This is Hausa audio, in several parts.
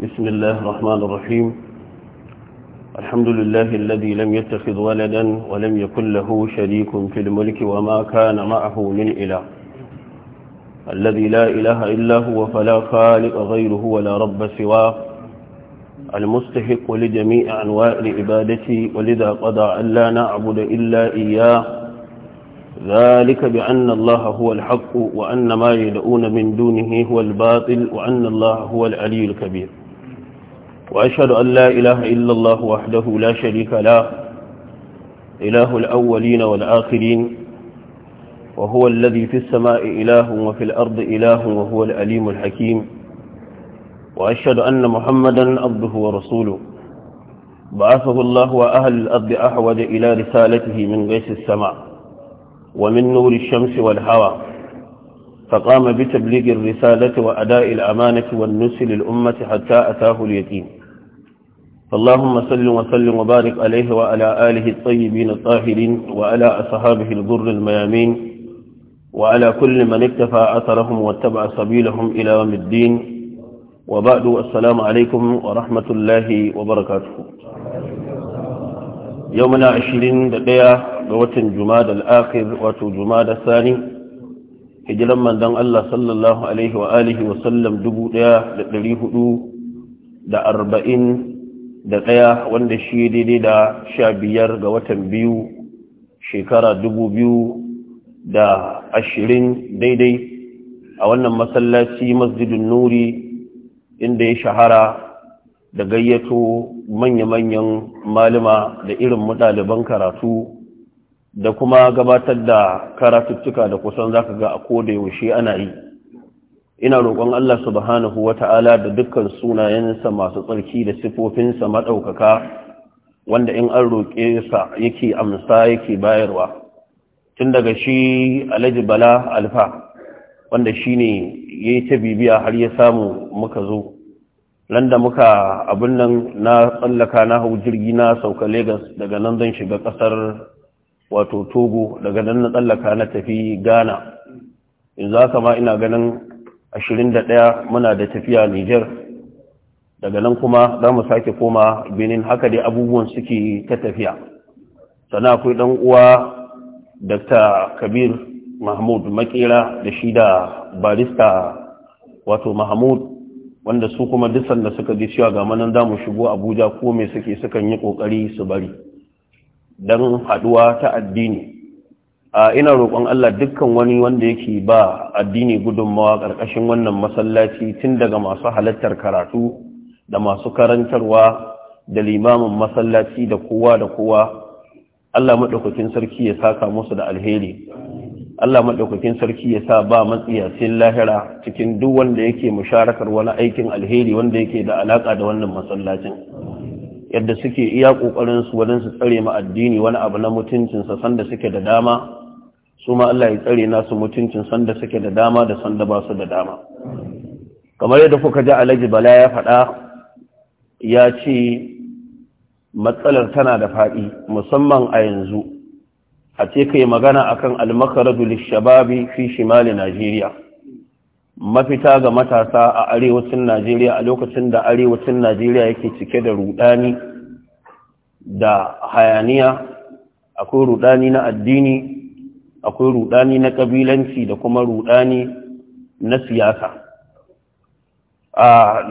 بسم الله الرحمن الرحيم الحمد لله الذي لم يتخذ ولدا ولم يكن له شريك في الملك وما كان معه من إله الذي لا إله إلا هو فلا خالق غيره ولا رب سواه المستحق لجميع أنواع العبادة ولذا قضى أن لا نعبد إلا إياه ذلك بأن الله هو الحق وأن ما يدعون من دونه هو الباطل وأن الله هو العلي الكبير وأشهد أن لا إله إلا الله وحده لا شريك له إله الأولين والآخرين وهو الذي في السماء إله وفي الأرض إله وهو الأليم الحكيم وأشهد أن محمدا عبده ورسوله بعثه الله وأهل الأرض أحوج إلى رسالته من غيث السماء ومن نور الشمس والهوى فقام بتبليغ الرسالة وأداء الأمانة والنسل للأمة حتى أتاه اليتيم اللهم صل وسلم وبارك عليه وعلى آله الطيبين الطاهرين وعلى أصحابه الغر الميامين وعلى كل من اكتفى أثرهم واتبع سبيلهم إلى يوم الدين وبعد السلام عليكم ورحمة الله وبركاته يومنا عشرين دقيقة بوت جماد الآخر وتو جماد الثاني هجلا من دن الله صلى الله عليه وآله وسلم دبو دقيقة دقيقة da arba'in da ɗaya wanda shi daidai da sha biyar ga watan biyu shekara dubu biyu da ashirin daidai a wannan masallaci masjidin nuri inda ya shahara da gayyato manya-manyan malama da irin mutaliban karatu da kuma gabatar da karatuttuka da kusan zaka ga a ko da yaushe ana yi ina roƙon Allah subhanahu wa Ta'ala da dukkan sunayensa masu tsarki da sifofinsa maɗaukaka wanda in an roƙe sa yake amsa yake bayarwa tun daga shi alhaji bala alfa wanda shi ne ya yi ta bibiya har ya samu muka zo landa muka abin nan na tsallaka na hau jirgi na sauka Legas daga nan zan shiga ƙasar wato togo daga nan na tsallaka na tafi ghana in za ka ma ina ganin da ɗaya muna da tafiya Nijar daga nan kuma za mu sake koma Benin haka dai abubuwan suke ta tafiya sana akwai ɗan uwa Dr. Kabir Mahmud Makera da shi da barista wato Mahmud wanda su kuma dusan da suka ji cewa ga manan za shigo Abuja ko me suke sukan yi kokari su bari dan haɗuwa ta addini ina roƙon Allah dukkan wani wanda yake ba addini gudunmawa ƙarƙashin wannan masallaci tun daga masu halittar karatu da masu karantarwa da limamin masallaci da kowa da kowa Allah maɗaukakin sarki ya saka musu da alheri Allah maɗaukakin sarki ya sa ba matsiyacin lahira cikin duk wanda yake musharakar wani aikin alheri wanda yake da alaƙa da wannan masallacin yadda suke iya ƙoƙarinsu wajen su tsare ma addini wani abu na mutuncinsa sanda suke da dama su ma Allah ya tsare nasu mutuncin sanda suke da dama da sanda ba su da dama kamar yadda kuka ji alhaji bala ya faɗa ya ce matsalar tana da faɗi musamman a yanzu a ce kai magana akan almakaradu lishababi fi shimali najeriya mafita ga matasa a arewacin najeriya a lokacin da arewacin najeriya yake cike da rudani da hayaniya akwai rudani na addini akwai rudani na kabilanci da kuma rudani na siyasa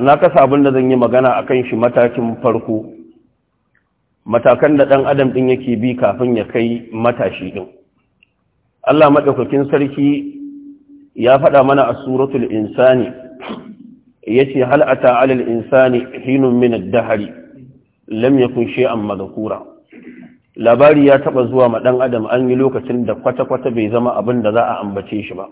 na kasa abin da zan yi magana a kan shi matakin farko matakan da ɗan adam ɗin yake bi kafin ya kai matashi ɗin Allah maɗaukakin sarki ya faɗa mana a suratul insani ya ce hal'ata alal insani hinun min dahari lam yakun shay'an madhkura labari ya taba zuwa ma dan adam an yi lokacin da kwata-kwata bai zama abin da za a ambace shi ba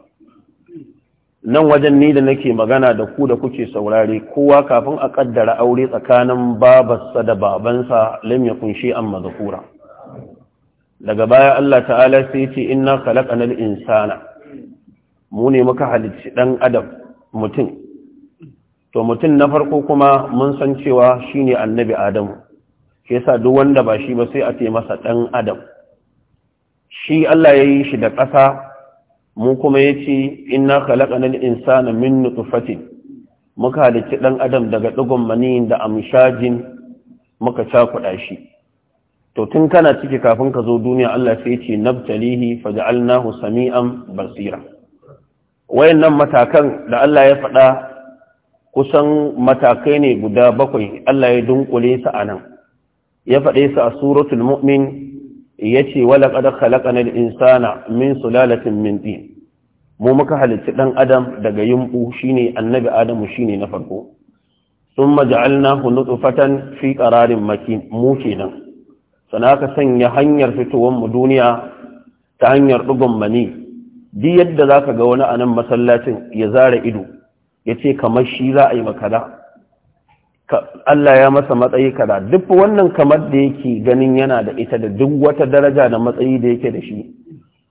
nan wajen ni da nake magana da ku da kuke saurare kowa kafin a kaddara aure tsakanin babarsa da babansa lam kunshi an mazkura daga baya Allah ta'ala sai ya ce inna khalaqnal insana mu ne muka halicci dan adam mutum to mutum na farko kuma mun san cewa shine annabi adamu shi yasa duk wanda ba shi ba sai a ce masa ɗan adam shi Allah ya yi shi da ƙasa mu kuma ya ce inna khalaqana al-insana min nutfatin muka halicci ɗan adam daga ɗigon maniyin da amshajin muka cakuɗa shi to tun kana ciki kafin ka zo duniya Allah sai ce nabtalihi faj'alnahu sami'an basira wayannan matakan da Allah ya faɗa kusan matakai ne guda bakwai Allah ya dunkule su anan ya faɗe su a suratul mu'min ya ce wala ƙada khalaƙanar insana min sulalatin min ɗin mu muka halitta ɗan adam daga yumbu shine annabi adamu shine na farko sun maja'alna hunutu fatan fi ƙararin maki mu kenan sana ka sanya hanyar fitowar mu duniya ta hanyar ɗugon mani duk yadda za ka ga wani a nan masallacin ya zara ido ya ce kamar shi za a yi makada Allah ya masa matsayi kara duk wannan kamar da yake ganin yana da ita da duk wata daraja da matsayi da yake da shi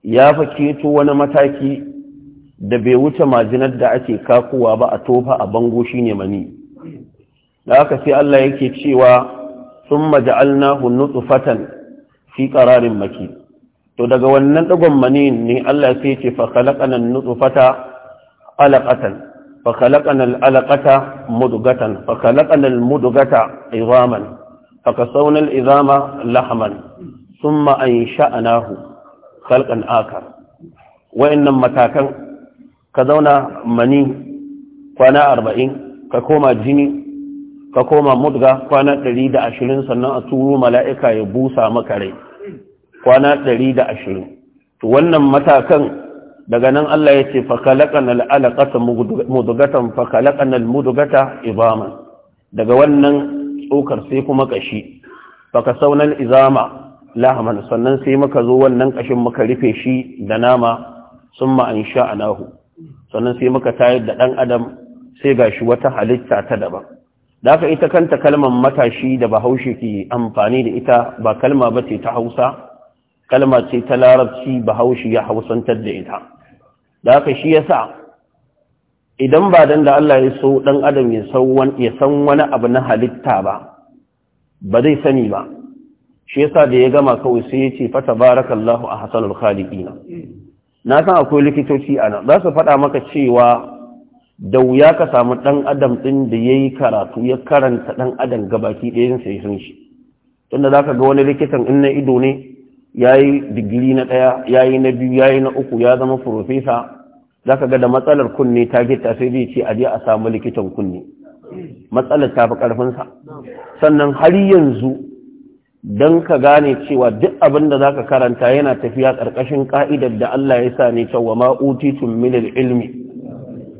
ya fa keto wani mataki da bai wuce majinar da ake kakuwa ba a tofa a bango shine mani da aka sai Allah yake cewa summa ja'alnahu nutfatan fi qararin maki to daga wannan dagon mani ne Allah sai ya ce fa khalaqana nutfata alaqatan فخلقنا الألقة مدغة فخلقنا المدغة عظاما فكسونا العظام لحما ثم أنشأناه خلقا آخر وإن متاكا كذونا مني كوانا أربعين ككوما جني ككوما مدغة كوانا تريد أشرين سنة أتورو ملائكة يبوسا مكري كوانا تريد أشرين وإن متاكا daga nan Allah ya ce fakalaqan al'alaqata mudugatan fakalaqan almudugata izaman daga wannan tsokar sai kuma kashi fakasaunan izama lahaman sannan sai muka zo wannan kashin muka rufe shi da nama summa nahu. sannan sai muka tayar da dan adam sai ga shi wata halitta ta daban daga ita kanta kalmar matashi da bahaushe ke amfani da ita ba kalma ba ce ta Hausa kalma ce ta larabci bahaushe ya hausantar da ita da haka shi ya sa, idan ba dan da Allah ya so ɗan adam ya san wani abu na halitta ba ba zai sani ba shi ya sa da ya gama kawai sai ya ce fata lahu a hasanul na. na san akwai likitoci ana za su faɗa maka cewa da wuya ka samu ɗan adam ɗin da ya yi karatu ya karanta ɗan adam gabaki ɗayan sai sun shi tunda za ka ga wani likitan in na ido ne ya yi digiri na ɗaya ya yi na biyu ya yi na uku ya zama furofesa za ka ga da matsalar kunne ta gita sai zai ce aje a samu likitan kunne matsalar ta fi ƙarfinsa sannan har yanzu don ka gane cewa duk abin da za ka karanta yana tafiya ƙarƙashin ƙa'idar da Allah ya sa ne cewa ma'utitun minil ilmi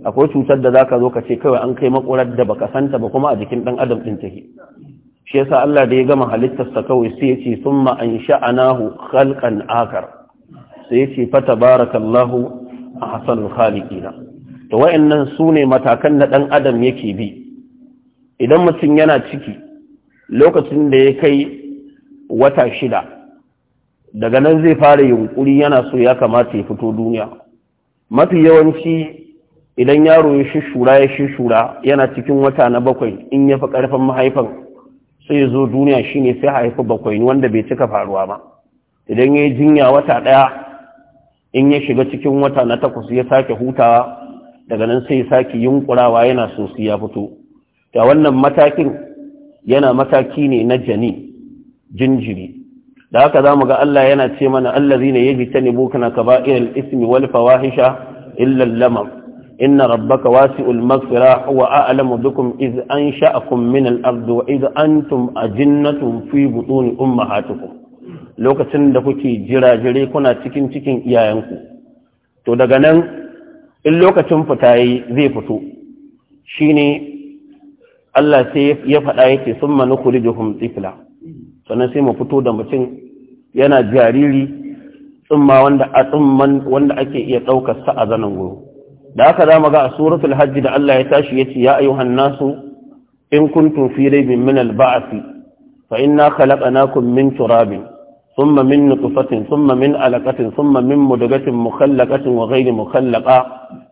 akwai cutar da zaka zo ka ce kawai an kai makorar da baka santa ba kuma a jikin ɗan adam ɗin take shi yasa Allah da ya gama halittarsa kawai sai ya ce thumma sha'anahu khalqan akar sai ya ce fa tabarakallahu ahsanul khaliqina to wayannan sune matakan da dan adam yake bi idan mutum yana ciki lokacin da ya kai wata shida daga nan zai fara yunkuri yana so ya kamata ya fito duniya mafi yawanci idan yaro ya shishura ya shishura yana cikin wata na bakwai in ya fi ƙarfin mahaifan sai zo duniya shine sai haifi bakwai ni wanda bai cika faruwa ba idan ya yi jinya wata ɗaya in ya shiga cikin wata na takwas ya sake hutawa daga nan sai ya sake yunkurawa yana sosai ya fito da wannan matakin yana mataki ne na jani jinjiri da haka za mu ga Allah yana ce mana allazi ne ya ji ta nebo kana ka ba'irar ismi wal fawahisha illal lamam inna rabbaka wasi'ul maghfira huwa a'lamu bikum iz ansha'akum min al-ard wa iz antum ajinnatun fi butun ummahatikum lokacin da kuke jira jirajire kuna cikin cikin iyayenku to daga nan in lokacin fita zai fito shine Allah sai ya faɗa yake summa nukhrijuhum tifla sannan sai mu fito da mutum yana jariri tsumma wanda a tsumman wanda ake iya ɗaukar sa a zanen guru da haka za mu ga a suratul hajji da Allah ya tashi ya ce ya ayyuhan nasu in kuntum fi raibin min al-ba'thi fa inna khalaqnakum min turabin thumma min nutfatin thumma min alaqatin thumma min mudghatin mukhallaqatin wa ghayri mukhallaqa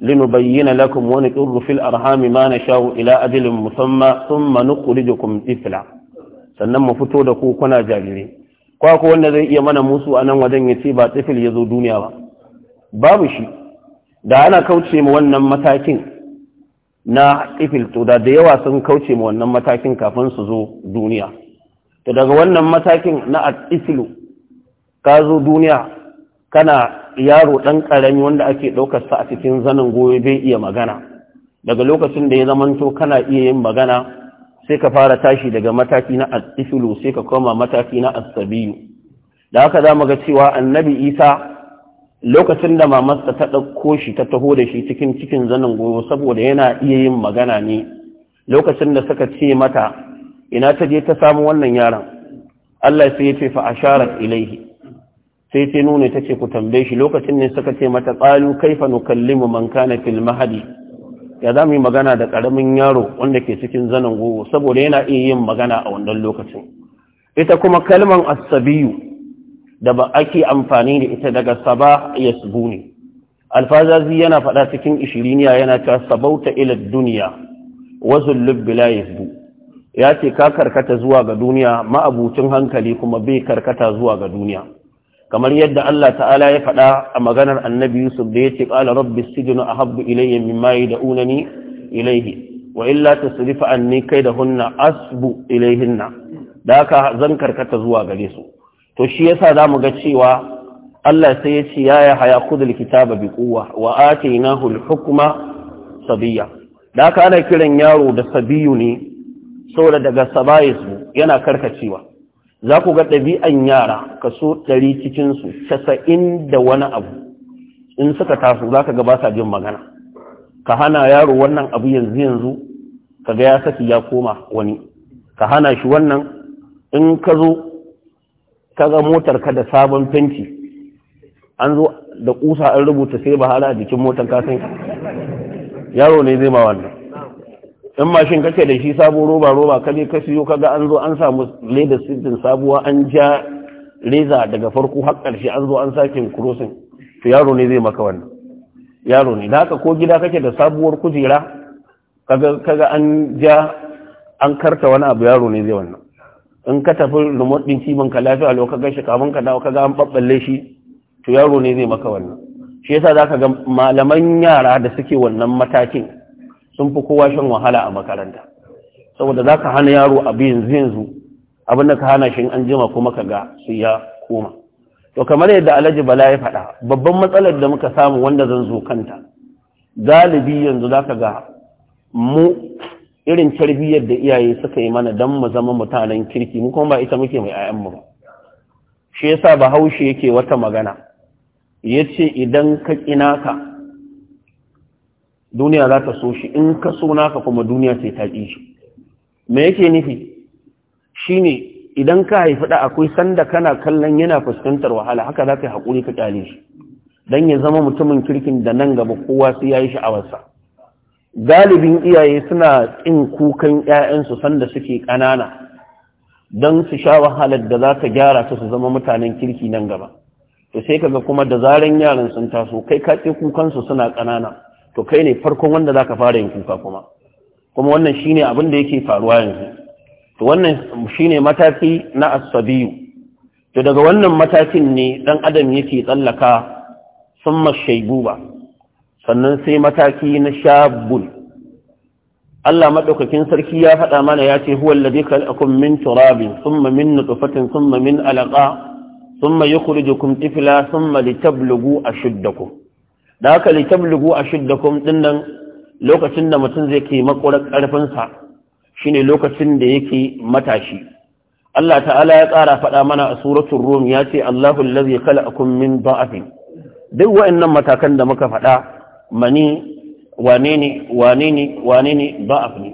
linubayyana lakum wa nuqirru fil arhami ma nasha'u ila ajalin musamma thumma nukhrijukum tifla sannan mu fito da ku kuna jarire kwa ko wanda zai iya mana musu anan wajen yace ba tifil yazo duniya ba babu shi da ana kauce mu wannan matakin na ifil to da da yawa sun kauce mu wannan matakin kafin su zo duniya to daga wannan matakin na ifilu ka zo duniya kana yaro ɗan karami wanda ake ɗaukar sa a cikin zanin goyo bai iya magana daga lokacin da ya zamanto kana iya yin magana sai ka fara tashi daga mataki na ifilu sai ka koma mataki na asabiyu da haka za mu ga cewa annabi isa lokacin da mamarsa ta ɗauko shi ta taho da shi cikin cikin zanin goyo saboda yana iya yin magana ne lokacin da suka ce mata ina ta je ta samu wannan yaron Allah sai ya ce fa asharat ilaihi sai ta nuna ta ce ku tambaye shi lokacin ne suka ce mata qalu kaifa nukallimu man kana fil mahdi ya za mu yi magana da ƙaramin yaro wanda ke cikin zanin goro? saboda yana iya yin magana a wannan lokacin ita kuma kalman asabiyu da ba ake amfani da ita daga saba ya subu ne alfazazi yana faɗa cikin ishiriniya yana ta sabauta ila duniya wasu lubbila ya subu ya ce ka karkata zuwa ga duniya ma'abucin hankali kuma bai karkata zuwa ga duniya kamar yadda Allah ta'ala ya faɗa a maganar annabi Yusuf da ya ce ƙala rabbi sijinu a habbu ilayya mimma da unani ilayhi wa illa tasrifa anni kai da hunna asbu ilayhinna da haka zan karkata zuwa gare su to shi yasa mu ga cewa Allah sai ya ce ya ya haya kudul kitaba bi quwwa wa atainahu al-hukma sabiyya da haka ana kiran yaro da sabiyu ne saboda daga su yana karkacewa za ku ga ɗabi'an yara kaso ɗari cikinsu casa'in da wani abu in suka taso za ka gabata sa jin magana ka hana yaro wannan abu yanzu yanzu ka ga ya saki ya koma wani ka hana shi wannan in ka zo kaga motar ka da sabon fenti an zo da kusa an rubuta sai hala a jikin motar ka san yaro ne zai ma wannan in mashin kake da shi sabon roba roba ka je ka siyo kaga an zo an samu leda siddin sabuwa an ja reza daga farko har karshe an zo an sake kurosin to yaro ne zai maka wannan yaro ne da haka ko gida kake da sabuwar kujera kaga an ja an karta wani abu yaro ne zai wannan in ka tafi remote din kiman ka lafiya lokacin ka gashi kafin ka dawo ka ga an babballe shi to yaro ne zai maka wannan shi yasa zaka ga malaman yara da suke wannan matakin sun fi kowa shan wahala a makaranta saboda zaka hana yaro abu yanzu yanzu abin da ka hana shi an jima kuma ka ga su ya koma to kamar yadda Alhaji Bala ya faɗa babban matsalar da muka samu wanda zan zo kanta galibi yanzu zaka ga mu irin tarbiyyar da iyaye suka yi mana don mu zama mutanen kirki mu kuma ba ita muke mai ayanmu ba shi yasa bahaushe yake wata magana Ya ce idan ka kina ka duniya za ta so shi in ka so naka kuma duniya sai ta ƙi shi me yake nufi Shi ne, idan ka haifi da akwai sanda kana kallon yana fuskantar wahala haka za ka yi haƙuri ka ƙyale shi don ya zama mutumin kirkin da nan gaba kowa sai ya yi sha'awarsa galibin iyaye suna ƙin kukan 'ya'yansu sanda suke ƙanana don su sha wahalar da za ta gyara ta su zama mutanen kirki nan gaba to sai kaga kuma da zaren yaran sun taso kai ka kukansu suna ƙanana to kai ne farkon wanda za ka fara yin kuka kuma kuma wannan shine abin da yake faruwa yanzu to wannan shine mataki na asabiyu to daga wannan matakin ne dan adam yake tsallaka mashaibu ba sannan sai mataki na shabul Allah maɗaukakin sarki ya faɗa mana ya ce huwa alladhi khalaqakum min turabin thumma min nutfatin thumma min alaqa thumma yukhrijukum tifla thumma litablughu ashuddakum da haka litablughu ashuddakum dinnan lokacin da mutum zai ke makurar karfin sa shine lokacin da yake matashi Allah ta'ala ya ƙara faɗa mana a suratul rum ya ce Allahu allazi khalaqakum min da'afin duk wa'annan matakan da muka faɗa mani wane ne wane ne wane ne ne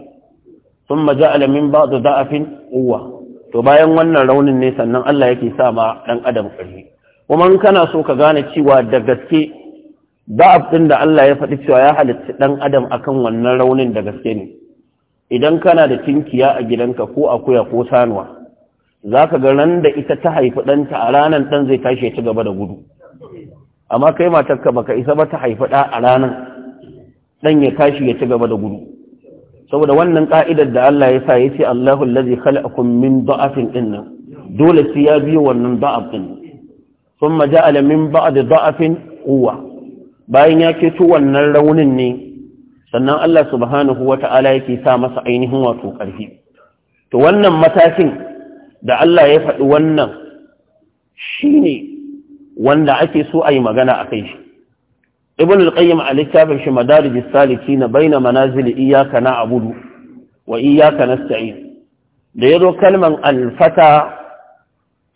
sun min ba da da'afin uwa to bayan wannan raunin ne sannan Allah yake sa ma dan adam ƙarfi kuma in kana so ka gane cewa da gaske da'af ɗin da Allah ya faɗi cewa ya halitta ɗan adam akan wannan raunin da gaske ne idan kana da tinkiya a gidanka ko akuya ko sanuwa za ka ga ran da ita ta haifi ɗanta a ranar ɗan zai tashi ya ci gaba da gudu amma kai matarka baka isa ba ta haifi ɗa a ranar ɗan ya tashi ya ci gaba da gudu saboda wannan ƙa'idar da Allah ya sa ya ce Allahu allazi khalaqakum min da'afin din nan dole sai ya biyo wannan da'af din thumma ja'ala min ba'di da'afin quwwa bayan ya keto wannan raunin ne sannan Allah subhanahu wata'ala yake sa masa ainihin wato ƙarfi to wannan matakin da Allah ya faɗi wannan shine wanda ake so a yi magana a kai shi ibn al-qayyim a littafin shi madarij na baina manazil iyyaka na'budu wa iyyaka nasta'in da yazo kalman al-fata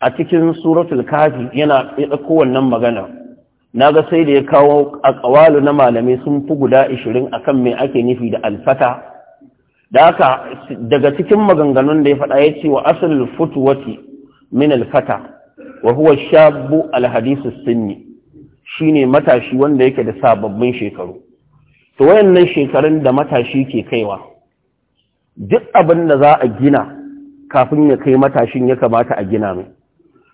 a cikin suratul kafi yana ya dauko wannan magana naga sai da ya kawo aqwalu na malamai sun fi guda 20 akan me ake nufi da al-fata da haka daga cikin maganganun da ya faɗa ya ce wa asalin futuwati min al-fata wa huwa shabu alhadisu sinni shine matashi wanda yake da sababbin shekaru to wayannan shekarun da matashi ke kaiwa duk abin da za a gina kafin ya kai matashin ya kamata a gina mai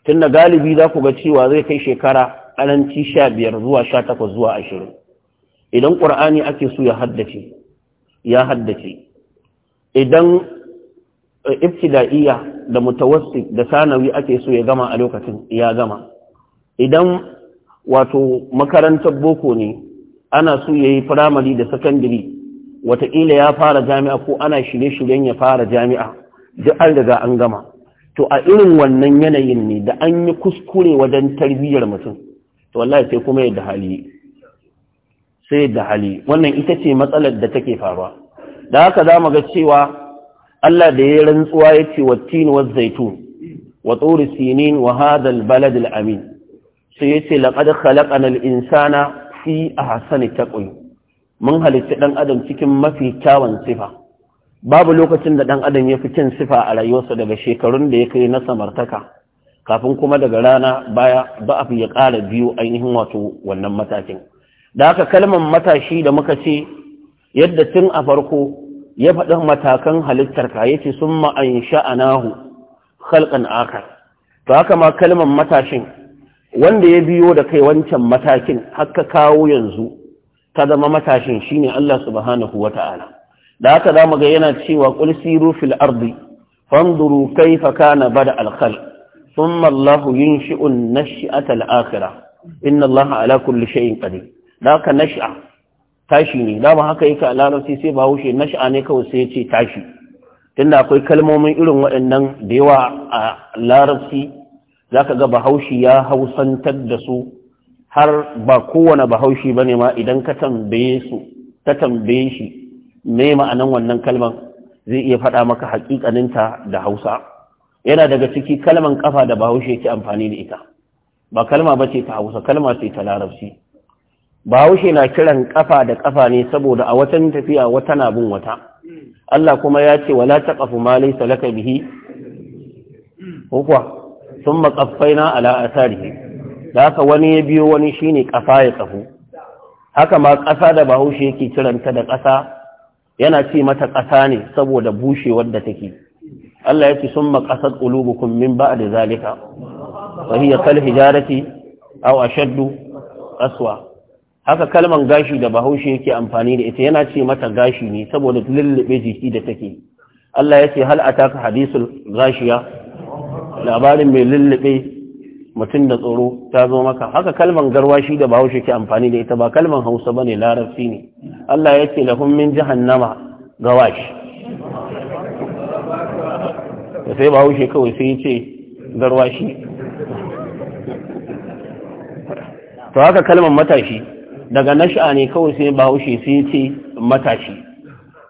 tunda galibi za ku ga cewa zai kai shekara ƙaranci sha biyar zuwa sha takwas zuwa ashirin idan ƙur'ani ake so ya haddace ya haddace idan ibtida'iyya da mutawassit da sanawi ake so ya gama a lokacin ya gama idan wato makarantar boko ne ana so ya yi firamare da sakandiri wataƙila ya fara jami'a ko ana shirye-shiryen ya fara jami'a duk an riga an gama to a irin wannan yanayin ne da an yi kuskure wajen tarbiyyar mutum to wallahi sai kuma yadda hali sai yadda hali wannan ita ce matsalar da take faruwa da haka za mu ga cewa Allah da ya rantsuwa ya ce wattin wa zaitun wa tsori sinin wa hadal baladil amin sai ya ce laƙad khalaƙanar insana fi a ta taƙwai mun halitta ɗan adam cikin mafi kyawun sifa babu lokacin da ɗan adam ya fi cin sifa a rayuwarsa daga shekarun da ya kai na samartaka kafin kuma daga rana baya ba a ya ƙara biyu ainihin wato wannan matakin da haka kalmar matashi da muka ce yadda tun a farko ya faɗi matakan halittarka ya ce sun a sha'anahu halkan akar to haka ma kalmar matashin wanda ya biyo da kai wancan matakin haka kawo yanzu ta zama matashin shine Allah subhanahu wata'ala da haka za mu ga yana cewa qul siru fil ardi fanduru kayfa kana bada alkhal khalq thumma yin yunshi'u an-nash'ata al inna Allah ala kulli shay'in qadir da haka tashi ne dama haka yake a larabci sai bahaushe nasha ne kawai sai ya ce tashi tunda akwai kalmomin irin waɗannan da yawa a larabci za ka ga bahaushe ya hausantar da su har ba kowane bahaushe ba ne ma idan ka tambaye su ta tambaye shi me ma'anan wannan kalman, zai iya faɗa maka hakikaninta da hausa yana daga ciki kalman kafa da bahaushe ke amfani da ita ba kalma ba ce ta hausa kalma ce ta larabci bahaushe na kiran kafa da kafa ne saboda a watan tafiya wata na bin wata Allah kuma ya ce wala kafu ma laisa laka bihi hukwa thumma qaffaina ala atharihi da haka wani ya biyo wani shine kafa ya kafu haka ma ƙasa da bahaushe yake kiranta da ƙasa yana ce mata ƙasa ne saboda bushewar da take Allah ya ce summa qasat qulubukum min da zalika wa hiya kal hijarati aw ashaddu aswa haka kalman gashi da bahaushe yake amfani da ita yana ce mata gashi ne saboda lullube jiki da take Allah ya ce hal ataka hadisul gashiya labarin mai lullube mutum da tsoro ta zo maka haka kalman garwashi da bahaushe ke amfani da ita ba kalman hausa bane larabci ne Allah ya ce lahum min jahannama gawash da sai bahaushe kawai sai ya ce garwashi to haka kalman matashi daga nasha ne kawai sai bahaushe sai ce matashi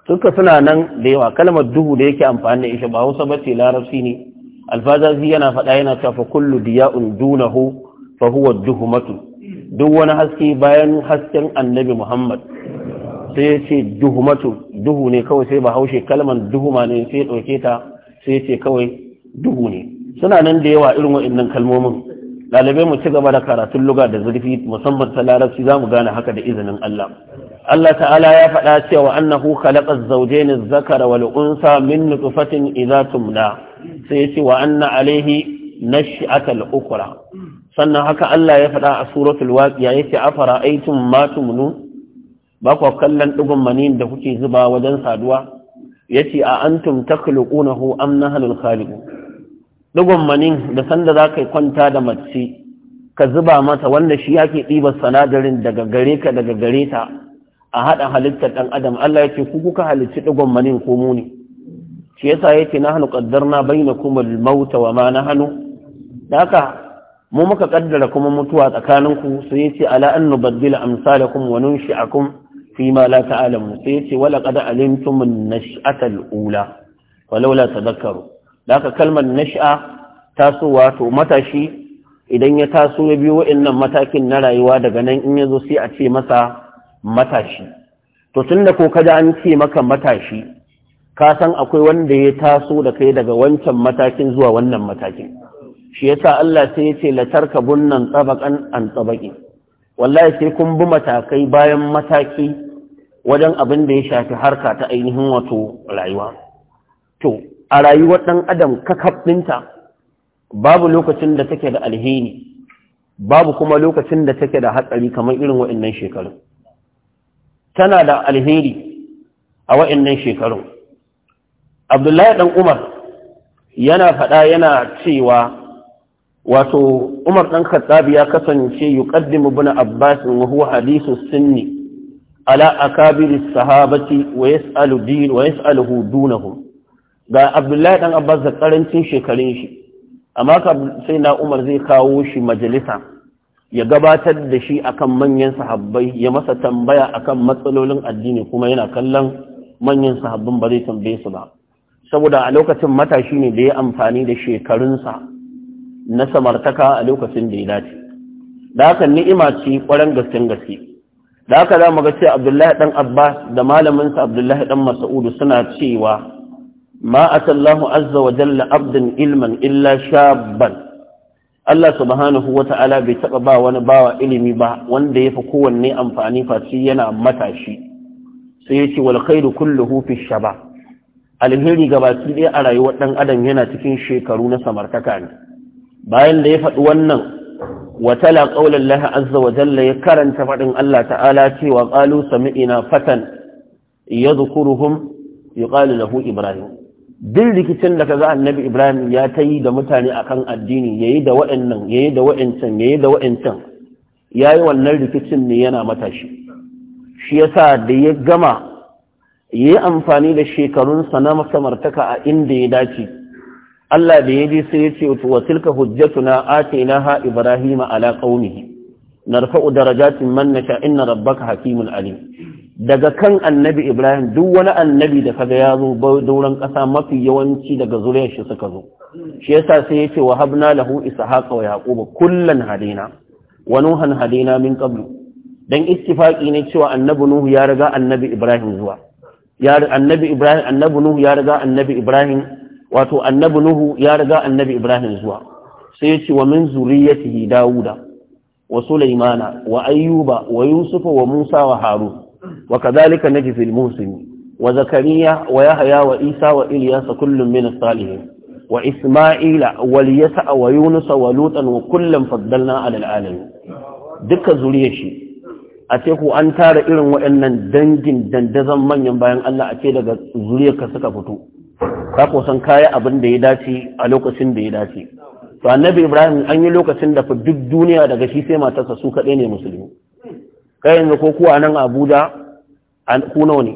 suka suna nan da yawa kalmar duhu da yake amfani da isha, ba ba ce larabci ne alfazazi yana faɗa yana cewa fa kullu diya'un dunahu fa huwa duhumatu duk wani haske bayan hasken annabi muhammad sai ya ce duhumatu duhu ne kawai sai bahaushe kalmar duhuma ne sai ɗauke ta sai ce kawai duhu ne suna nan da yawa irin nan kalmomin ɗalibai mu ci gaba da karatun luga da zurfi musamman ta larabci za mu gane haka da izinin Allah Allah ta'ala ya faɗa cewa annahu khalaqa az-zawjayn az-zakara wal unsa min nutfatin idza sai yace wa anna alayhi nash'ata al-ukhra sannan haka Allah ya faɗa a suratul waqiya yace afara aitum ma tumnu ba ku kallon digon manin da kuke zuba wajen saduwa yace a antum takhluqunahu am nahnul khaliqun digon manin da sanda za ka kwanta da mace ka zuba mata wanda shi yake ɗibar sanadarin daga gare ka daga gare ta a haɗa halittar ɗan adam Allah ya ce ku kuka halicci digon manin ko mu ne shi yasa yake na hannu na bai na kuma mauta wa ma na hannu da haka mu muka ƙaddara kuma mutuwa tsakaninku sai ya ce ala an nubaddila amsalakum wa nunshi'akum fi ma la ta'lamu sai yace wala qad alimtum an-nash'ata al-ula walaula da aka kalmar nash'a tasowa to matashi idan ya taso ya biyo wa'annan matakin na rayuwa daga nan in ya zo sai a ce masa matashi to tun da ko kada an ce maka matashi ka san akwai wanda ya taso da kai daga wancan matakin zuwa wannan matakin shi yasa Allah sai ya ce latarka bunnan tsabakan an tsabaki wallahi sai kun bi matakai bayan mataki wajen abin da ya shafi harka ta ainihin wato rayuwa to a rayuwar ɗan adam kakaf ɗinta babu lokacin da take da alheri babu kuma lokacin da take da hatsari kamar irin wa'annan shekarun tana da alheri a wa'annan shekarun abdullahi ɗan umar yana faɗa yana cewa wato umar ɗan katsabi ya kasance yuqaddimu ibn abbas wa huwa hadisu, sinni ala akabiri sahabati wa yasa alhudu na hudu ga abdullahi dan abbas da karancin shekarun shi amma ka sai na umar zai kawo shi majalisa ya gabatar da shi akan manyan sahabbai ya masa tambaya akan matsalolin addini kuma yana kallon manyan sahabban ba zai tambaye su ba saboda a lokacin matashi ne da ya amfani da shekarunsa na samartaka a lokacin da ya dace da haka ni'ima ce kwaran gaske da haka za mu ga cewa abdullahi dan abbas da malaminsa abdullahi dan mas'udu suna cewa ma atallahu azza wa jalla abdan ilman illa shabban Allah subhanahu wa ta'ala bai taɓa ba wani bawa ilimi ba wanda ya fi kowanne amfani faci yana matashi sai ya ce wal khairu kulluhu fi shaba alheri gabaki ɗaya a rayuwar ɗan adam yana cikin shekaru na samartaka ne bayan da ya faɗi wannan wa tala qaulan laha azza wa jalla ya karanta faɗin Allah ta'ala cewa qalu sami'ina fatan yadhkuruhum yuqalu lahu ibrahim duk rikicin da a annabi ibrahim ya ta yi da mutane a kan addini ya yi da waɗannan yi da waɗancan yi da waɗancan yi wannan rikicin ne yana matashi shi ya sa da ya gama ya yi amfani da shekarunsa na samartaka a inda ya dace Allah da ya ji sai ya ce wa tilka hujjatuna ha ibrahima ala qaumihi narfa'u darajatin man nasha inna rabbaka hakimul alim daga kan annabi ibrahim duk wani annabi da kaga ya zo dauran kasa mafi yawanci daga zuriyar shi suka zo shi yasa sai yace wa habna lahu ishaqa wa yaquba kullan hadina wa nuhan hadina min qablu dan istifaqi ne cewa annabi nuhu ya riga annabi ibrahim zuwa ya annabi ibrahim annabi nuhu ya riga annabi ibrahim wato annabi nuhu ya riga annabi ibrahim zuwa sai yace wa min zuriyatihi dauda wa sulaimana wa ayyuba wa yusufa wa musa wa harun wa kadhalika naji fil muslimin wa zakariya wa Yahaya wa isa wa ilyas kullun min as-salihin wa isma'ila wa yasa wa Yunusa wa lutan wa kullan faddalna 'ala al duka zuriyar shi a ce ku an tara irin waɗannan dangin dandazon manyan bayan Allah a ce daga ka suka fito ka kusan kaya abin da ya dace a lokacin da ya dace to annabi ibrahim an yi lokacin da duk duniya daga shi sai matarsa su kaɗai ne musulmi kai yanzu ko kuwa nan abuja ku nawa ne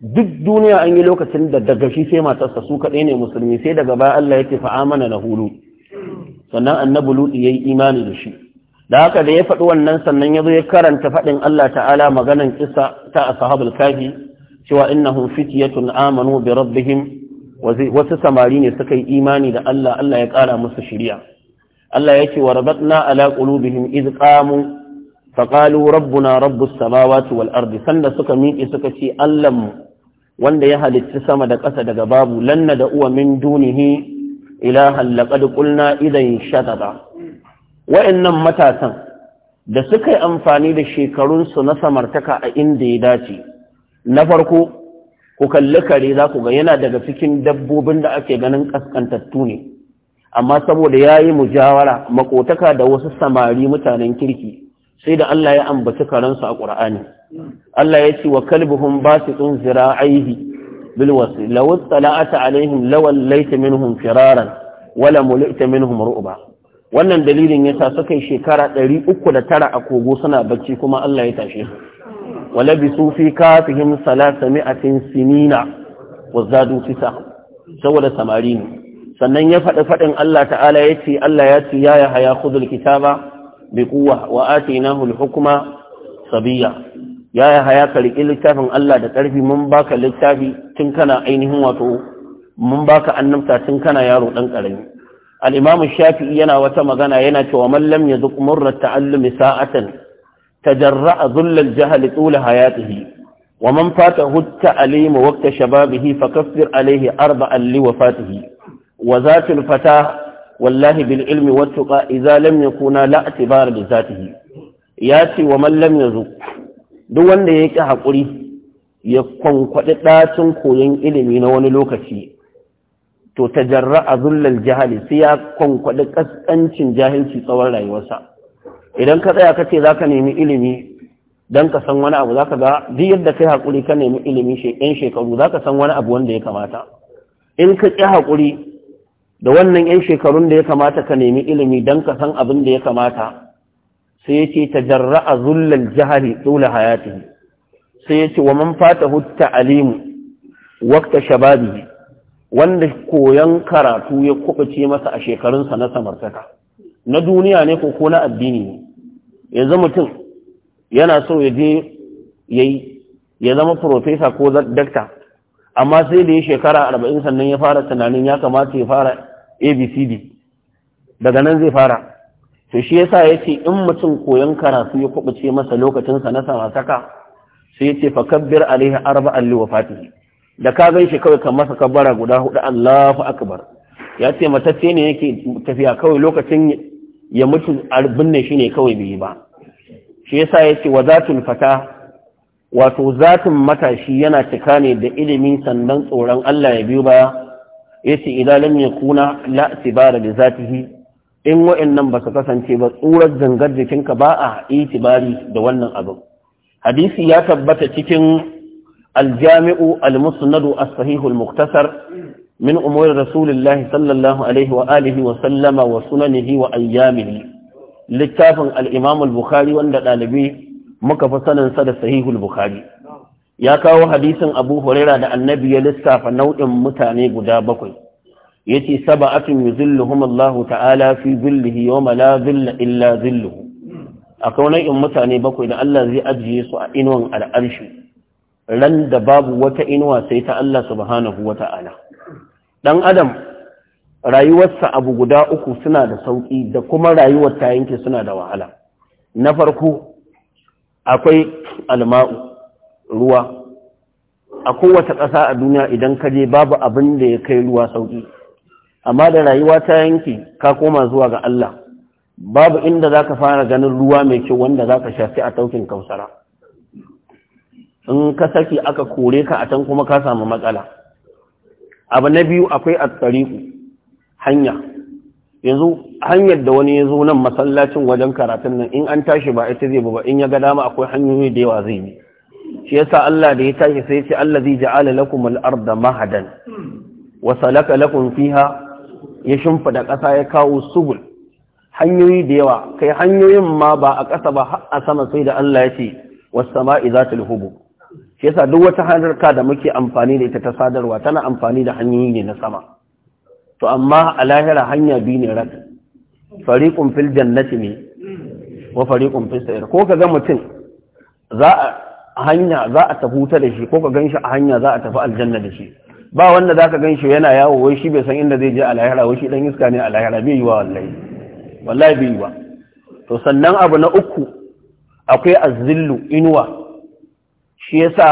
duk duniya an yi lokacin da daga shi sai matarsa su kaɗai ne musulmi sai daga baya allah yake amana na hulu sannan annabi ludi ya yi imani da shi da haka da ya faɗi wannan sannan ya zo ya karanta faɗin allah ta'ala maganan kisa ta ashabul kafi cewa innahum fityatun amanu bi rabbihim wasu samari ne suka yi imani da Allah Allah ya ƙara musu shiriya Allah ya ce wa rabatna ala qulubihim iz qamu fa qalu rabbuna rabbus samawati wal ardi sanda suka miƙe suka ce Allah mu wanda ya halitta sama da ƙasa daga babu lanna da uwa min dunihi ilahan laqad qulna idan shatata wa'annan matasan da suka yi amfani da shekarunsu na samartaka a inda ya dace na farko ku kalli kare za ku ga yana daga cikin dabbobin da ake ganin kaskantattu ne amma saboda ya yi mujawara makotaka da wasu samari mutanen kirki sai da Allah ya ambaci karansu a Kur'ani. Allah ya ce wa kalbuhum basitun zira'aihi aihi wasi law tala'ata alaihim Lawan laita minhum firaran wala mulita minhum ru'ba wannan dalilin yasa suka yi shekara tara a kogo suna bacci kuma Allah ya tashe su ولبسوا في كافهم ثلاثمائة سنين وزادوا تسعة سوى ثمانين sannan ya faɗi faɗin Allah ta'ala ya ce Allah ya ce ya ya haya khudul kitaba bi quwwa wa atainahu al sabiya ya ya haya ka riƙi littafin Allah da ƙarfi mun baka littafi tun kana ainihin wato mun baka annabta tun kana yaro ɗan karami al-imam shafi'i yana wata magana yana cewa man lam yazuk murra ta'allumi sa'atan tajarra'a zullal jahl tula hayatihi wa man fatahu at-ta'lim waqt shababihi fakaffir alayhi arba'an li wafatihi wa zatul fata wallahi bil ilmi wat tuqa idza lam yakuna la i'tibara li zatihi yati wa man lam yazu duk wanda ya yake haƙuri ya kwankwaɗi ɗacin koyon ilimi na wani lokaci to tajarra a zullar jahali sai ya kwankwaɗi ƙasƙancin jahilci tsawon rayuwarsa idan ka tsaya ka ce za ka nemi ilimi don ka san wani abu za ka ga duk yadda kai haƙuri ka nemi ilimi yan shekaru za ka san wani abu wanda ya kamata in ka ƙi haƙuri da wannan yan shekarun da ya kamata ka nemi ilimi don ka san abin da ya kamata sai ya ce ta jarra a zullal jihari tsula hayati sai ya ce wa man fata hutta alimu wakta shababi wanda koyon karatu ya kubace masa a shekarunsa na samartaka na duniya ne ko ko na addini ne yanzu mutum yana so ya je ya yi ya zama profesa ko dakta amma sai da ya shekara arba'in sannan ya fara tunanin ya kamata ya fara abcd daga nan zai fara to shi yasa ya ce in mutum koyon karatu ya kubuce masa lokacinsa na samasaka sai ya ce fakabbir alaihi arba'an liwafatihi da ka gan shi kawai kan masa kabbara guda hudu Allahu akbar ya ce matacce ne yake tafiya kawai lokacin ya mutu binne shi ne kawai bai ba shi yasa ce wa zatul fata wato zatin matashi yana cika ne da ilimi sannan tsoron Allah ya biyo baya yace idan lam yakuna la tibara bi zatihi in wa'annan ba su kasance ba tsurar zangar jikinka ba a itibari da wannan abin hadisi ya tabbata cikin aljami'u musnadu as-sahihul muktasar من أمور رسول الله صلى الله عليه وآله وسلم وسننه وأيامه لكاف الإمام البخاري وأن الألبي مكفصلا سد صحيح البخاري يا كاو حديث أبو هريرة أن النبي لكاف نوع متاني قدا بقي يتي سبعة يذلهم الله تعالى في ظله يوم لا ظل إلا ظله أكوني متاني بقي الله ذي أجيس وإنوان على أرشه لن دباب وتإنوى سيت الله سبحانه وتعالى ɗan adam rayuwarsa abu guda uku suna da sauƙi da kuma rayuwar ta yanke suna da wahala na farko akwai alma'u ruwa a kowace ƙasa a duniya idan ka je babu abin da ya kai ruwa sauki. amma da rayuwa ta yanke ka koma zuwa ga Allah babu inda za ka fara ganin ruwa mai kyau wanda za ka shafi a taukin kausara in ka saki aka kore ka a can kuma ka samu matsala abu na biyu akwai a tariqu hanya yanzu hanyar da wani ya zo nan masallacin wajen karatun nan in an tashi ba ita zai ba in ya ga dama akwai hanyoyi da yawa zai yi shi yasa Allah da ya tashi sai ya ce zai ja'ala lakum al-arda mahadan wa salaka lakum fiha ya shimfida ƙasa ya kawo subul hanyoyi da yawa kai hanyoyin ma ba a ƙasa ba a sama sai da Allah ya ce was sama'i zatul hubub shi yasa duk wata ka da muke amfani da ita ta sadarwa tana amfani da hanyoyi ne na sama to amma a lahira hanya biyu ne rak fariqun fil jannati ne wa fariqun fis sa'ir ko ga mutum za a hanya za a tafi wuta da shi ko ka ganshi a hanya za a tafi aljanna da shi ba wanda zaka ganshi yana yawo wai shi bai san inda zai je a lahira wai shi dan iska ne a lahira bai yi wa wallahi wallahi bai yi wa to sannan abu na uku akwai azzillu inuwa shi ya sa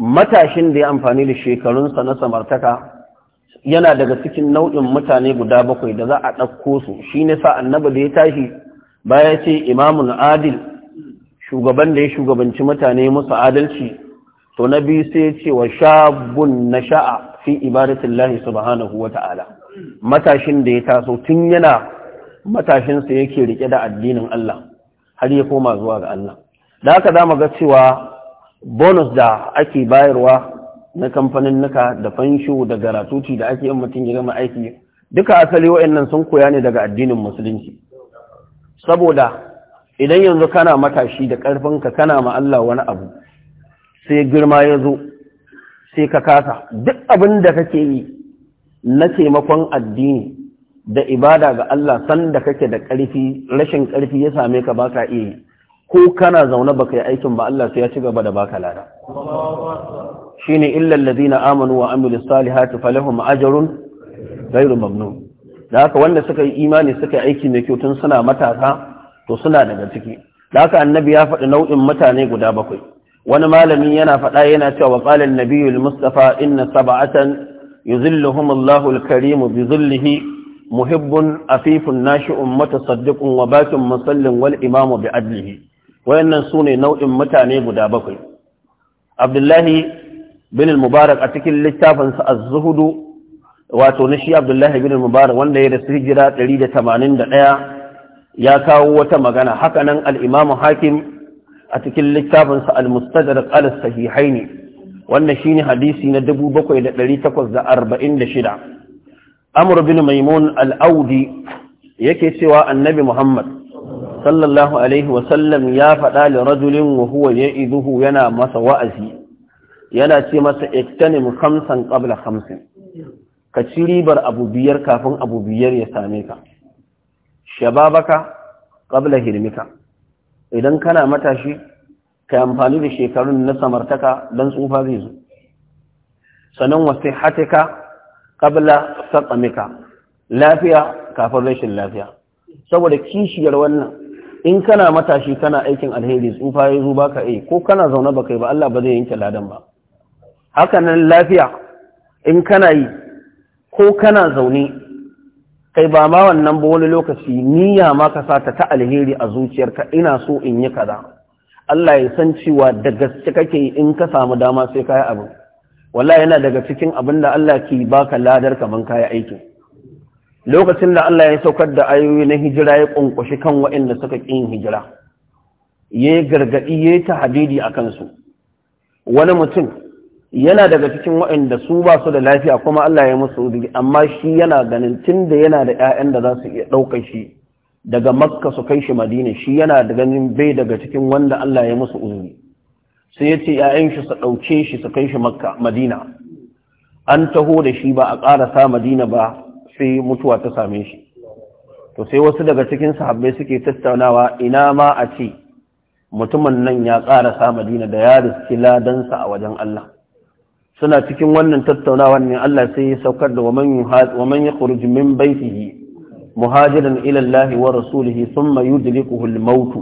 matashin da ya amfani da shekarunsa na samartaka yana daga cikin nau'in mutane guda bakwai da za a ɗauko su shi ne sa annaba da ya tashi baya ce imamun adil shugaban da ya shugabanci mutane musu adalci to na biyu sai ce wa shabun na sha'a fi ibadatillahi subhanahu wa ta'ala matashin da ya taso tun yana matashinsa yake rike da addinin Allah har ya koma zuwa ga Allah da haka za mu ga cewa bonus da ake bayarwa na kamfanin nuka da fansho da garatuti da ake yin mutum ya gama aiki duka asali wa'annan sun koya ne daga addinin musulunci saboda idan yanzu kana matashi da ƙarfinka kana ma Allah wani abu sai girma ya zo sai ka kasa duk abin da kake yi na taimakon addini da ibada ga Allah sanda kake da ƙarfi rashin ƙarfi ya same ka ba ka iya yi ko kana zaune baka yi aikin ba Allah sai ya ci gaba da baka lada shine illal ladina amanu wa amilu salihati falahum ajrun ghairu mamnun da haka wanda suka yi imani suka yi aiki mai kyau tun suna matasa to suna daga ciki da haka annabi ya faɗi nau'in mutane guda bakwai wani malami yana faɗa yana cewa wa qala an al-mustafa inna sab'atan yuzilluhum Allahu al-karim bi zillihi muhibbun afifun nashi'un mutasaddiqun wa musallin wal imamu bi adlihi wayannan su ne nau'in mutane guda bakwai abdullahi bin mubarak a cikin littafinsa az-zuhudu wato na shi abdullahi bin mubarak wanda ya rasu hijira 181 ya kawo wata magana hakanan al'imamu hakim a cikin littafinsa al-mustadrak al-sahihai ne wannan shine hadisi na 7846 amur bin maimun al-audi yake cewa annabi muhammad sallallahu alaihi wasallam ya faɗa li rajulin wa huwa iduhu yana masa wa'azi yana ce masa iktanim khamsan ƙabla hamsin ka ci ribar abu biyar kafin abu biyar ya same ka shababaka ƙabla hirmika idan kana matashi ka amfani da shekarun na samartaka don tsufa zai zo sanan wasihatika qabla mika. lafiya kafin rashin lafiya saboda kishiyar wannan in kana matashi kana aikin alheri tsufa ya zo baka yi ko kana zaune baka yi ba Allah ba zai yanke ladan ba haka nan lafiya in kana yi ko kana zaune kai ba ma wannan ba wani lokaci niyya ma ka sa ta ta alheri a zuciyarka ina so in yi kaza Allah ya san cewa da gaske kake yi in ka samu dama sai ka yi abin wallahi yana daga cikin abin da Allah ke baka ladar kaman kayi aikin lokacin da Allah ya saukar da ayoyi na hijira ya ƙunƙushi kan waɗanda suka ƙin hijira ya yi gargaɗi ya yi ta hadidi a kansu wani mutum yana daga cikin waɗanda su ba su da lafiya kuma Allah ya musu uzuri amma shi yana ganin tun da yana da 'ya'yan da za su iya ɗaukar shi daga makka su kai shi madina shi yana da ganin bai daga cikin wanda Allah ya musu uzuri sai ya ce 'ya'yan shi su ɗauke shi su kai shi makka madina an taho da shi ba a ƙarasa madina ba sai mutuwa ta same shi to sai wasu daga cikin sahabbai suke tattaunawa ina ma a ce mutumin nan ya ƙara sa madina da ya riski ladansa a wajen Allah suna cikin wannan tattaunawa ne Allah sai ya saukar da waman waman yakhruj min baytihi muhajiran ilallahi Allah wa rasulihi thumma yudrikuhu al-maut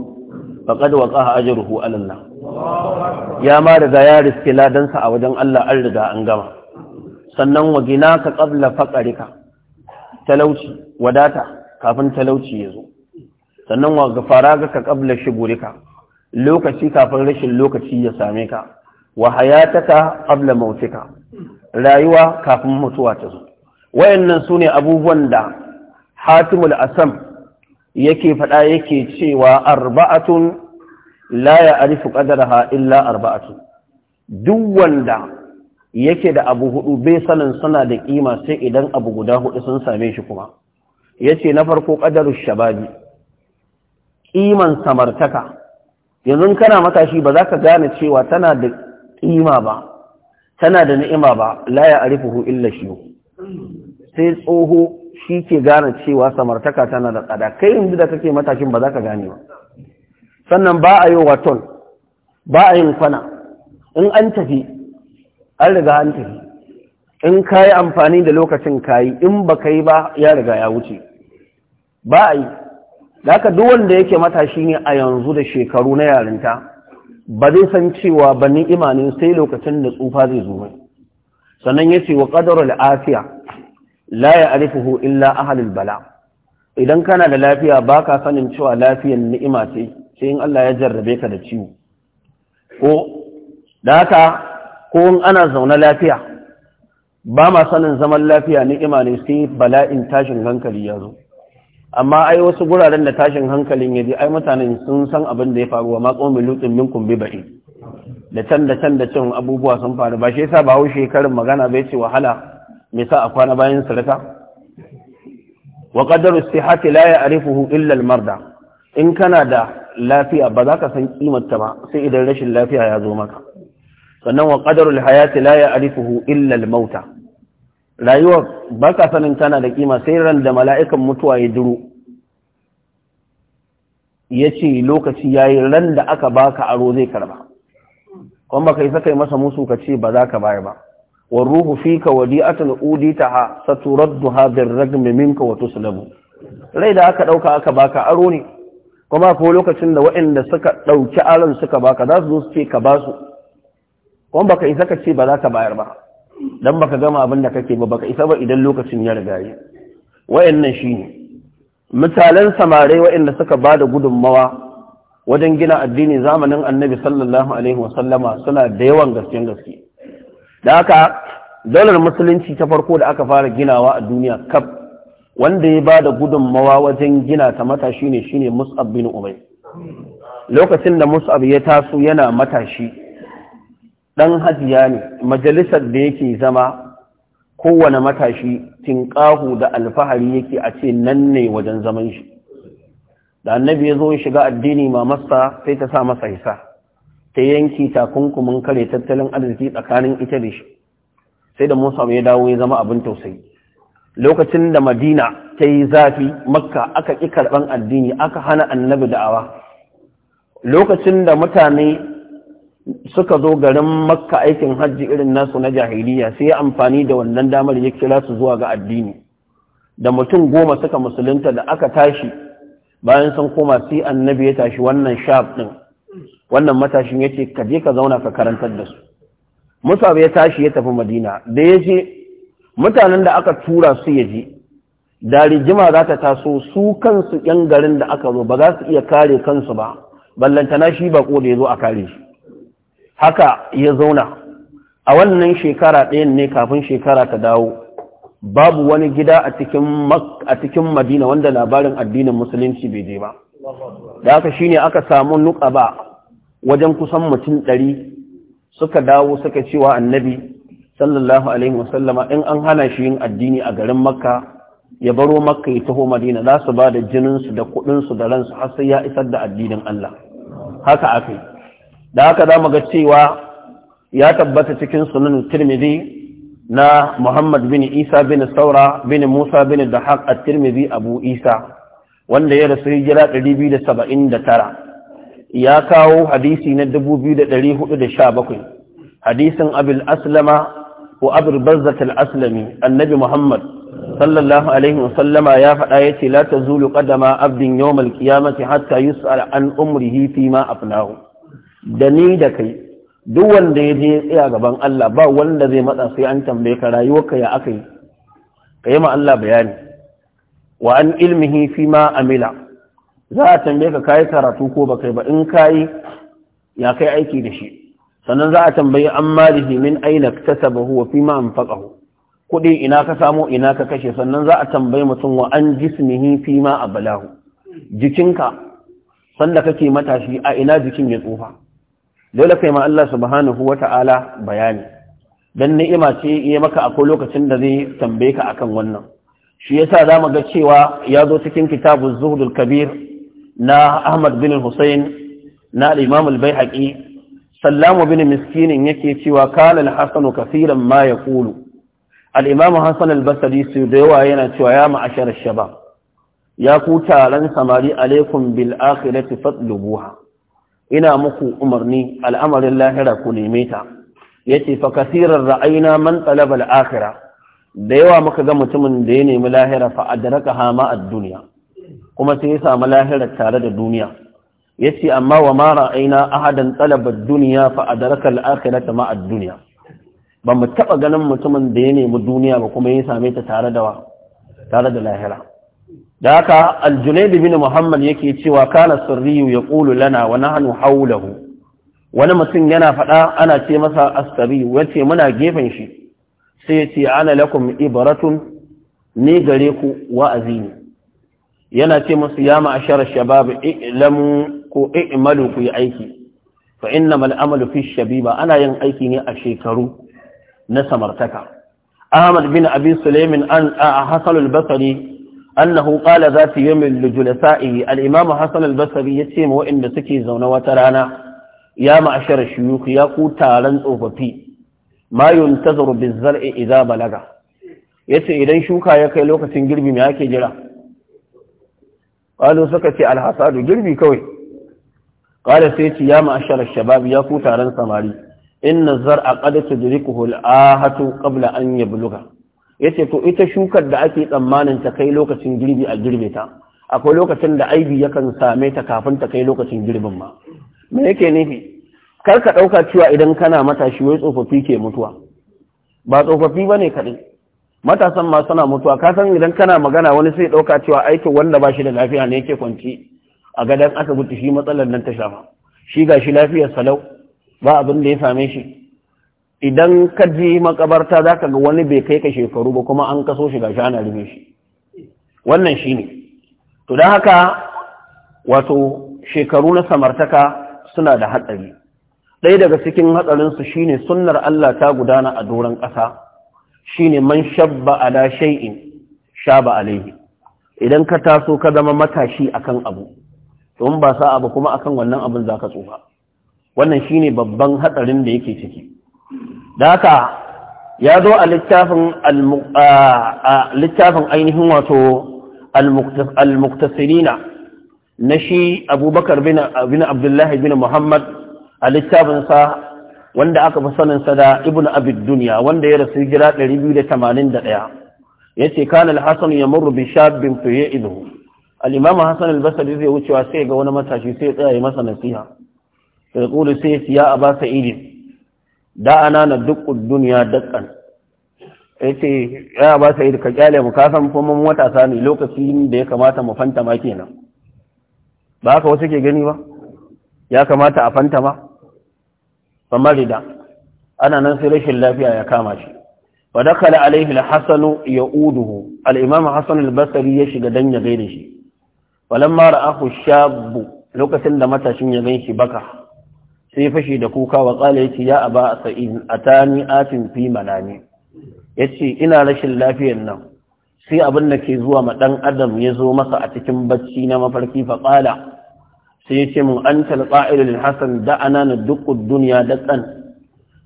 faƙad wa ƙaha alallah ya ma riga ya riske ladansa a wajen Allah an riga an gama sannan wa gina ka ƙabla faƙarika talauci wadata kafin talauci ya zo sannan wa gafara ga ka kabla shigurika lokaci kafin rashin lokaci ya same ka wa hayataka qabla mautika rayuwa kafin mutuwa ta zo wayannan sune abubuwan da hatimul asam yake faɗa yake cewa arba'atun la ya'rifu ha illa arba'atun duk wanda yake da abu hudu bai sanin suna da kima sai idan abu guda hudu sun same shi kuma yace na farko qadarus shababi kiman samartaka yanzu kana matashi ba za ka gane cewa tana da kima ba tana da ni'ima ba la ya arifuhu illa shi sai tsoho shi ke gane cewa samartaka tana da tsada kai yanzu da kake matashin ba za ka gane ba sannan ba a yi waton ba a yin kwana in an tafi an riga an tafi in ka yi amfani da lokacin ka yi in ba ka yi ba ya riga ya wuce ba a yi da aka duk wanda yake matashi ne a yanzu da shekaru na yarinta ba zai san cewa ba ni imanin sai lokacin da tsufa zai zo mai sannan ya ce wa ƙadarar afiya la ya arifuhu illa ahalil bala idan kana da lafiya ba ka sanin cewa lafiyan ni'ima ce sai in Allah ya jarrabe ka da ciwo ko da haka ko in ana zaune lafiya ba ma sanin zaman lafiya ni'ima ne sai bala'in tashin hankali ya zo amma ai wasu guraren da tashin hankalin ya ji, ai mutanen sun san abin da ya faru wa maƙon milutin minkum bi ba'i da can da can da can abubuwa sun faru ba shi yasa ba hau shekarun magana bai ce wahala me sa a kwana bayan sarata? wa qadaru istihati la ya'rifuhu illa al-marda in kana da lafiya ba za ka san kimar ta ba sai idan rashin lafiya ya zo maka sannan wa qadarul hayati la ya'rifuhu illa illal mauta rayuwa baka sanin tana da kima sai ran da mala'ikan mutuwa ya duru. Ya ce lokaci ya yi ran da aka baka aro zai karba kuma baka yi saka masa musu ka ce ba za ka bayar ba wa ruhu ta wadi'atan uditaha da birragmi minka wa labu. rai da aka ɗauka aka baka aro ne kuma ko lokacin da waɗanda suka ɗauki aron suka baka za su zo su ce ka su. kuma baka isa ka ce ba za ka bayar ba don baka gama abin da kake ba baka isa ba idan lokacin ya riga yi wayannan ne. misalan samare da suka ba da gudunmawa wajen gina addini zamanin Annabi sallallahu alaihi wasallama suna da yawan gaske gaske da haka daular musulunci ta farko da aka fara ginawa a duniya kaf wanda ya ba da gudunmawa wajen gina ta matashi ne shine Mus'ab bin Umayr lokacin da Mus'ab ya taso yana matashi ɗan hajiya ne majalisar da yake zama kowane matashi tinƙahu da alfahari yake a ce nan ne wajen zaman shi da annabi ya zo ya shiga addini ma masa sai ta sa masa hisa ta yanki takunkumin kare tattalin arziki tsakanin ita da shi sai da musa ya dawo ya zama abin tausayi lokacin da madina ta yi zafi makka aka ƙi karɓan addini aka hana annabi da'awa lokacin da mutane suka zo garin makka aikin hajji irin nasu na jahiliya sai ya amfani da wannan damar ya kira su zuwa ga addini da mutum goma suka musulunta da aka tashi bayan sun koma sai annabi ya tashi wannan shaf din wannan matashin ya ce ka je ka zauna ka karantar da su musa ya tashi ya tafi madina da ya je mutanen da aka tura su ya je da rijima za ta taso su kansu yan garin da aka zo ba za su iya kare kansu ba ballantana shi bako da ya zo a kare shi haka ya zauna a wannan shekara ɗayan ne kafin shekara ta dawo babu wani gida a cikin madina wanda labarin addinin musulunci bai je ba da haka shine aka samu nuka ba wajen kusan mutum ɗari suka dawo suka cewa annabi sallallahu alaihi wasallama in an hana shi yin addini a garin makka ya baro makka ya taho madina za su ba da jininsu da kuɗinsu da ransu har sai ya isar da addinin allah haka aka yi da haka za mu ga cewa ya tabbata cikin sunan tirmidhi na muhammad bin isa bin saura bin musa bin dahaq a tirmidhi abu isa wanda ya rasu hijira 279 ya kawo hadisi na 2417 hadisin abul aslama wa abul bazzat al-aslami annabi muhammad sallallahu alaihi wa sallama, ya faɗa ya ce la ta zulu ƙadama abdin yawmal qiyamati hatta yus'al an umrihi fi ma afnahu da ni da kai duk wanda ya je tsaya gaban Allah ba wanda zai matsa sai an tambaye ka rayuwarka ya aka yi ka yi ma Allah bayani wa an ilmihi fi ma amila za a tambaye ka kayi karatu ko ba kai ba in kayi ya kai aiki da shi sannan za a tambayi an malihi min aina kasabahu wa fi ma anfaqahu kudi ina ka samo ina ka kashe sannan za a tambayi mutum wa an jismihi fi ma abalahu jikinka sanda kake matashi a ina jikin ya tsufa dole kai ma Allah subhanahu wata'ala bayani dan ni'ima ce yi maka akwai lokacin da zai tambaye ka akan wannan shi yasa zamu ga cewa ya zo cikin kitabuz zuhdul kabir na Ahmad bin Hussein na Imam al-Baihaqi Sallamu bin miskinin yake cewa kana al-Hasan kaseeran ma yaqulu al-Imam Hasan al-Basri su da yawa yana cewa ya ma'ashar shabab ya ku taron samari alaikum bil akhirati fatlubuha ina muku umarni al'amarin lahira ku neme ta yace fa kasirar ra'ayina man talaba al da yawa muka ga mutumin da ya nemi lahira fa adraka hama ad kuma sai ya samu lahira tare da duniya yace amma wa ma Ra'ayina ahadan talaba ad-dunya fa adraka al-akhirata ma ba mu taɓa ganin mutumin da ya nemi duniya ba kuma ya same ta tare da tare da lahira da haka aljunaid bin muhammad yake cewa kana sirriyu ya ƙulu lana wa nahnu haulahu wani mutum yana faɗa ana ce masa askari wace muna gefen shi sai ya ce ana lakum ibaratun ne gare ku wa'azi ne yana ce musu ya ma'ashar shabab i'lamu ko i'malu ku yi aiki fa innamal amalu fi shabiba ana yin aiki ne a shekaru na samartaka ahmad bin abi sulaimin an a hasalul basri annahu ƙala za ta yi min julasa'i al-imam hasan al-basri ya ce ma waɗanda suke zaune wata rana ya ma'ashar shuyukh ya ku taron tsofaffi ma yuntazaru bizar'i idza balaga yace idan shuka ya kai lokacin girbi me ake jira qalu suka ce al girbi kawai qala sai ya ma'ashar shabab ya ku taron samari inna zar'a qad tudrikuhu al-ahatu qabla an yabluga Ya ce to ita shukar da ake tsammanin ta kai lokacin girbi a girbe ta akwai lokacin da aibi yakan same ta kafin ta kai lokacin girbin ma me yake nufi kar ka ɗauka cewa idan kana matashi wai tsofaffi ke mutuwa ba tsofaffi ba ne kaɗai matasan ma suna mutuwa ka san idan kana magana wani sai ɗauka cewa aikin wanda ba shi da lafiya ne yake kwanci a gadon asibiti shi matsalar nan ta shafa shi ga shi lafiyar salau ba abin da ya same shi idan ka ji makabarta za ka ga wani bai kai ka shekaru ba kuma an kaso shi shana ana shi wannan shi ne to don haka wato shekaru na samartaka suna da hatsari ɗaya daga cikin hatsarinsu shi ne sunnar Allah ta gudana a doron ƙasa shi ne man shabba ala sha ba alaihi idan ka taso ka zama matashi akan abu in ba sa abu kuma akan wannan abin za ka tsufa wannan shi ne babban hatsarin da yake ciki da haka ya zo a littafin ainihin wato al-muktasirina na shi abubakar bin abdullahi bin muhammad a littafinsa wanda aka fi saninsa da ibn abid duniya wanda ya rasu jira 281 ya ce kanal hassan ya murru bi shabbin fiye idu al'imam hassan albasari zai wucewa sai ga wani matashi sai ya tsaya masa nasiha sai ya sai ya siya a ba sa idin da ana na duk duniya Ya yace ya ba sai ka kyale mu ka san kuma mun wata Sani lokacin da ya kamata mu fanta ma kenan ba ka wasu ke gani ba ya kamata a fanta ma ba marida ana nan sai rashin lafiya ya kama shi wa dakala alaihi al ya'uduhu alimamu imam hasan al ya shiga dan ya gaida shi walamma ra'ahu shabu lokacin da matashin ya gan shi baka sai fashi da kuka wa tsala yace ya aba sa'id a atin fi manami yace ina rashin lafiyar nan sai abin da ke zuwa ma dan adam ya zo masa a cikin bacci na mafarki fa qala sai yace mun antal qa'ilul hasan da ana nadqud dunya daqan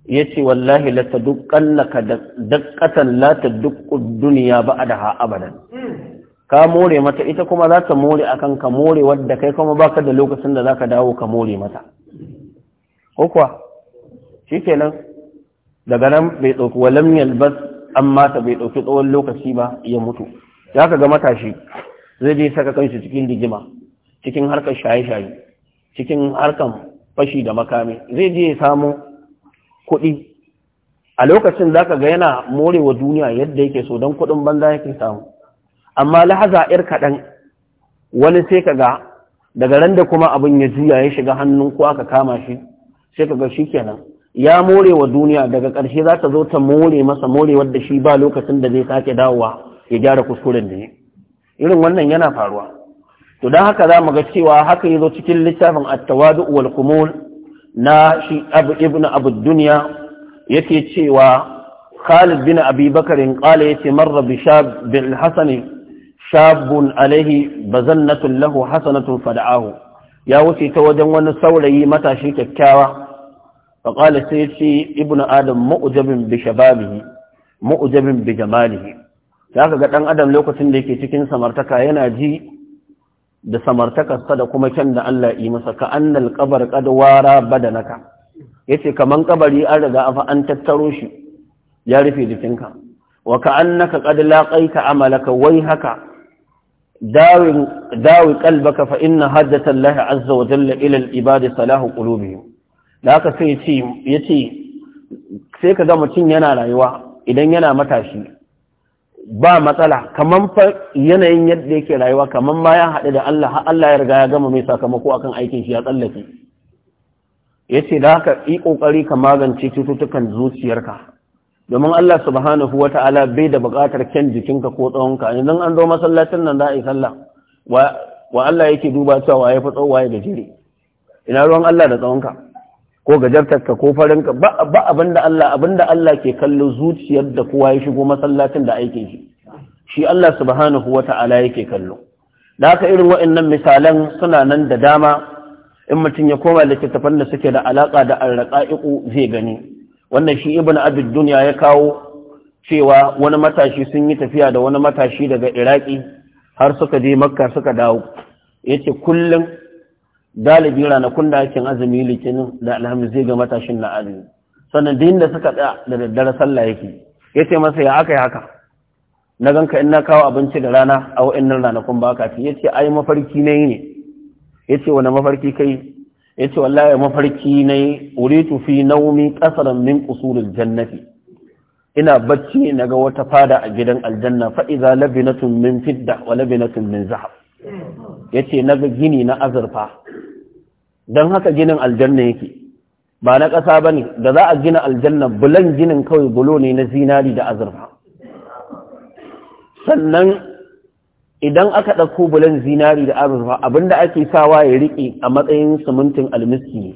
yace wallahi la taduqqannaka ba la taduqqud dunya ba'daha abadan ka more mata ita kuma za ta more akan ka more wadda kai kuma baka da lokacin da zaka dawo ka more mata ko kuwa shikenan daga nan bai ɗauki walam yalbas an mata bai ɗauki tsawon lokaci ba ya mutu ya ka ga matashi zai je saka kanshi cikin digima, cikin harkar shaye-shaye cikin harkar fashi da makami zai je ya samu kuɗi a lokacin za ka ga yana morewa duniya yadda yake so don kuɗin banza yake samu amma lahaza ir kaɗan wani sai ka ga daga ran da kuma abin ya juya ya shiga hannun ko aka kama shi sai kaga shikenan ya more wa duniya daga ƙarshe za ta zo ta more masa more wadda shi ba lokacin da zai sake dawowa ya gyara kuskuren da ne irin wannan yana faruwa to don haka za mu ga cewa haka ya zo cikin littafin attawadu wal kumul na shi abu ibn abu duniya yake cewa khalid bin abi bakarin kala yace marra bi shab hasani shabun alaihi bazannatun lahu hasanatun fada'ahu ya wuce ta wajen wani saurayi matashi kyakkyawa faƙala sai ce ibnu adam ma'ujabin bi shababihi ma'ujabin za ka ga ɗan adam lokacin da yake cikin samartaka yana ji da samartakarsa da kuma kyan da Allah yi masa ka annal naka. kadwara badanaka yace kaman kabari an riga afa an tattaro shi ya rufe jikinka wa ka annaka qad laqaita amalaka wai haka dawi dawi qalbaka fa inna hajjata Allah azza wa jalla ila al ibad salahu qulubihim da aka sai ya ce sai ka ga mutum yana rayuwa idan yana matashi ba matsala kamar fa yanayin yadda yake rayuwa kamar ma ya haɗu da Allah har Allah ya riga ya gama mai sakamako akan aikin shi ya tsallake ya ce da haka yi ƙoƙari ka magance cututtukan zuciyarka domin Allah subhanahu wa ta'ala bai da buƙatar kyan jikinka ko tsawonka yanzu an zo masallacin nan za a yi sallah wa Allah yake duba cewa ya fi tsawo waye da jiri ina ruwan Allah da tsawonka ko gajartarka ko farinka ba abinda Allah abinda Allah ke kallo zuciyar da kowa ya shigo masallacin da aikin shi shi Allah subhanahu wata'ala yake kallo da haka irin waɗannan misalan suna nan da dama in mutum ya koma littattafan da suke da alaka da iku zai gani wannan shi ibn abid dunya ya kawo cewa wani matashi sun yi tafiya da wani matashi daga iraki har suka je makka suka dawo yace kullum galibi ranakun da ake azumi litinin da alhamis zai ga matashin na azumi sannan din da suka tsaya da daddare sallah yake yace masa ya aka yi haka na ganka in na kawo abinci da rana a wa'annan ranakun ba ka ci ya ce ai mafarki na yi ne ya wani mafarki kai ya ce wallahi mafarki na yi uritu fi naumi kasar min kusurin jannati ina bacci na ga wata fada a gidan aljanna fa'iza labinatun min fidda wa labinatun min zahab ya ce na gini na azurfa don haka ginin aljanna yake ba na ƙasa ba ne da za a gina aljanna bulan ginin kawai bulo ne na zinari da azurfa sannan idan aka ɗauko bulan zinari da azurfa abinda ake sawa ya riƙe a matsayin simintin almiski ne,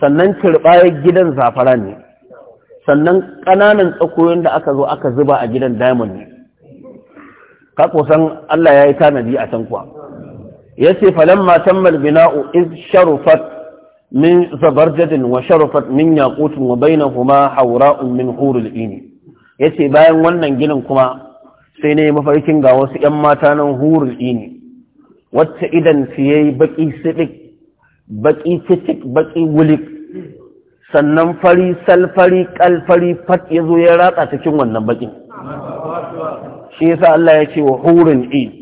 sannan turɓayar gidan zafara ne sannan ƙananan tsakoyin da aka zo aka zuba a gidan diamond ne ka kusan Allah ya yi tanadi a can kuwa yace falamma tammal bina'u iz sharufat min zabarjadin wa sharufat min yaqutin wa bainahuma hawra'un min hurul ini yace bayan wannan ginin kuma sai ne mafarkin ga wasu ƴan mata nan hurul ini wacce idan su yayi baki sidik baki titik baki wulik sannan fari salfari kalfari fat yazo ya ratsa cikin wannan bakin shi yasa Allah ya ce wa hurul ini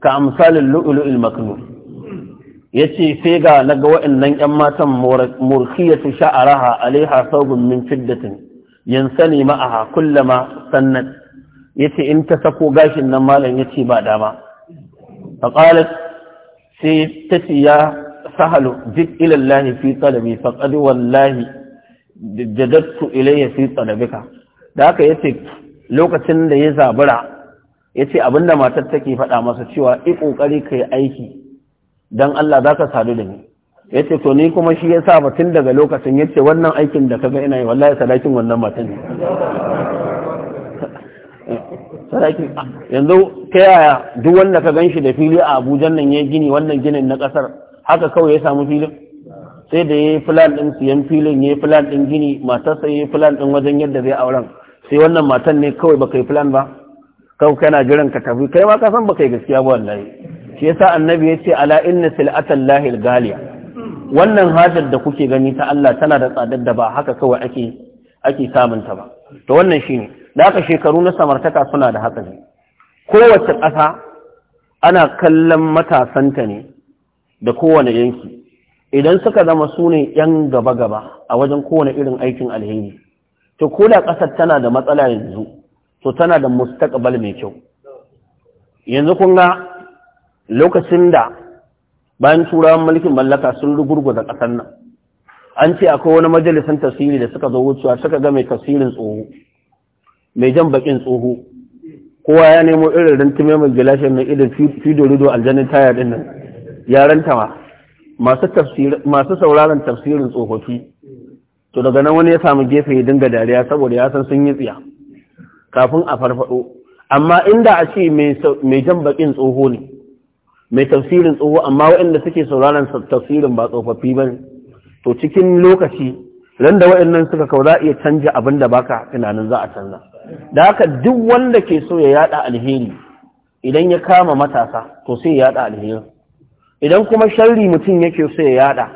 ka misalin lu'ulu'il maknun ya ce sai ga na ga wa'annan 'yan matan murkiyatu sha'araha alaiha saugun min fiddatin yansani ma'aha kullama sannan ya ce in ta sako gashin nan malam ya ce ba dama a ƙalar sai ta ce ya sahalu jik ilallahi fi talabi faƙadi wallahi jadattu ilayya fi talabika da haka yace ce lokacin da ya zabura ya ce abinda matar take faɗa masa cewa i ƙoƙari ka yi aiki don Allah za ka sadu da ni ya ce to ni kuma shi ya sa batun daga lokacin ya ce wannan aikin da ka ga ina yi wallahi sadakin wannan matan ne sadakin yanzu ta yaya duk wanda ka gan shi da fili a abuja nan ya gini wannan ginin na ƙasar haka kawai ya samu filin sai da ya yi filan ɗin siyan filin ya yi filan ɗin gini matarsa ya yi filan ɗin wajen yadda zai auren sai wannan matan ne kawai baka yi filan ba kan kana jiran ka tafi kai ma ka san baka yi gaskiya ba wallahi shi yasa annabi ya ce ala inna sil'atan lahil galiya wannan hajar da kuke gani ta Allah tana da tsadar da ba haka kawai ake ake samun ta ba to wannan shine da haka shekaru na samartaka suna da hatsari kowace ƙasa ana kallon matasanta ne da kowane yanki idan suka zama su ne 'yan gaba-gaba a wajen kowane irin aikin alheri to ko da ƙasar tana da matsala yanzu to tana da mustaqbal mai kyau yanzu kun ga lokacin da bayan turawan mulkin mallaka sun da ƙasar nan an ce akwai wani majalisan tasiri da suka zo wucewa suka ga mai tasirin tsoho mai jan bakin tsoho kowa ya nemo irin rintume mai gilashin mai idan fido rido aljanin taya din nan ya rantawa masu sauraron tafsirin tsofaffi to daga nan wani ya samu gefe ya dinga dariya saboda ya san sun yi tsiya kafin a farfado amma inda a ce mai jan bakin tsoho ne mai tafsirin tsoho amma waɗanda suke sauraron tafsirin ba tsofaffi ba ne to cikin lokaci ran da waɗannan suka kawo za a iya canja abin da baka tunanin za a canza da haka duk wanda ke so ya yada alheri idan ya kama matasa to sai ya yada alheri idan kuma sharri mutum yake so ya yada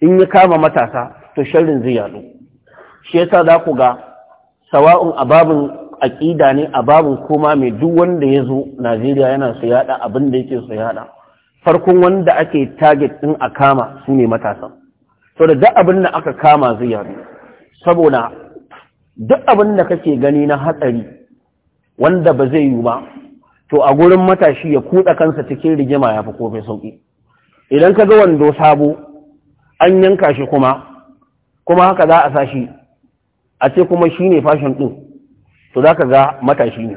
in ya kama matasa to sharrin zai yadu shi yasa za ku ga sawa'un a aƙida ne a babin koma mai duk wanda ya zo najeriya yana su yada abin da yake su yada farkon wanda ake target ɗin a kama su ne matasan so da duk abin da aka kama zai yadu saboda duk abin da kake gani na hatsari wanda ba zai yi ba to a gurin matashi ya kuɗa kansa cikin rigima ya fi kofi sauƙi idan ka ga wando sabo an yanka shi kuma kuma haka za a sa shi a ce kuma shi ne fashin ɗin to za ka ga matashi ne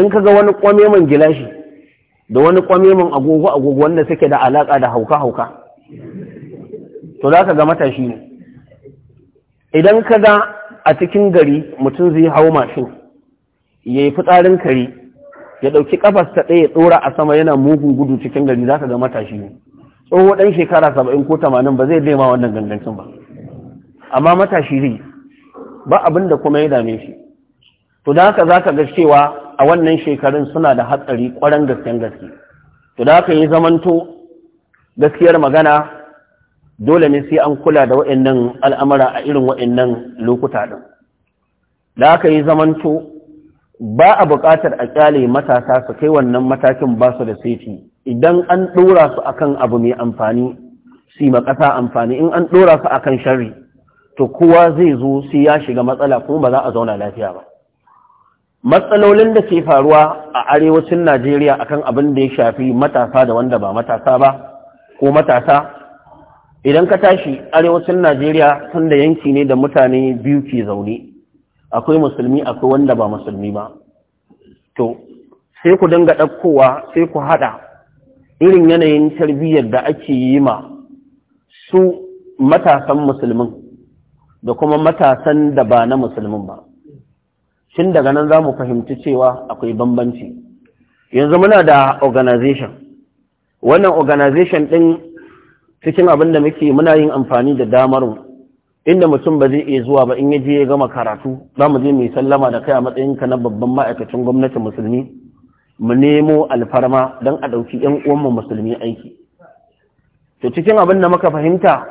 in ka ga wani kwameman gilashi da wani kwameman agogo-agogo wanda suke da alaƙa da hauka-hauka to za ka ga matashi ne idan ka ga a cikin gari mutum zai hau mashin ya yi fitsarin kare ya ɗauki ƙafas ta ɗaya ɗora a sama yana mugun gudu cikin gari za ka ga matashi ne tsoho ɗan shekara saba'in ko tamanin ba zai daima wannan gangancin ba amma matashi zai ba abin da kuma ya dame shi to da haka zaka ga cewa a wannan shekarun suna da hatsari kwaran gasken gaske to da haka yi zamanto gaskiyar magana dole ne sai an kula da waɗannan al'amura a irin waɗannan lokuta ɗin. da haka yi zamanto ba a buƙatar a ƙyale matasa su kai wannan matakin ba su da saiti idan an ɗora su akan abu mai amfani su ma ƙasa amfani in an ɗora su akan shari to kowa zai zo sai ya shiga matsala kuma ba za a zauna lafiya ba matsalolin da ke faruwa a arewacin najeriya akan abin da ya shafi matasa da wanda ba matasa ba ko matasa idan ka tashi arewacin najeriya tun da yanki ne da mutane biyu ke zaune akwai musulmi akwai wanda ba musulmi ba to sai ku dinga ɗaukowa sai ku haɗa irin yanayin tarbiyyar da ake yi ma su matasan musulmin da kuma matasan da ba na musulmin ba shin daga nan za mu fahimci cewa akwai bambanci yanzu muna da organization wannan organization ɗin cikin abin da muke muna yin amfani da damar inda mutum ba zai iya zuwa ba in ya je ya gama karatu za mu je mai sallama da kai a matsayinka na babban ma'aikacin gwamnati musulmi mu nemo alfarma don a ɗauki 'yan uwanmu musulmi aiki to cikin abin da muka fahimta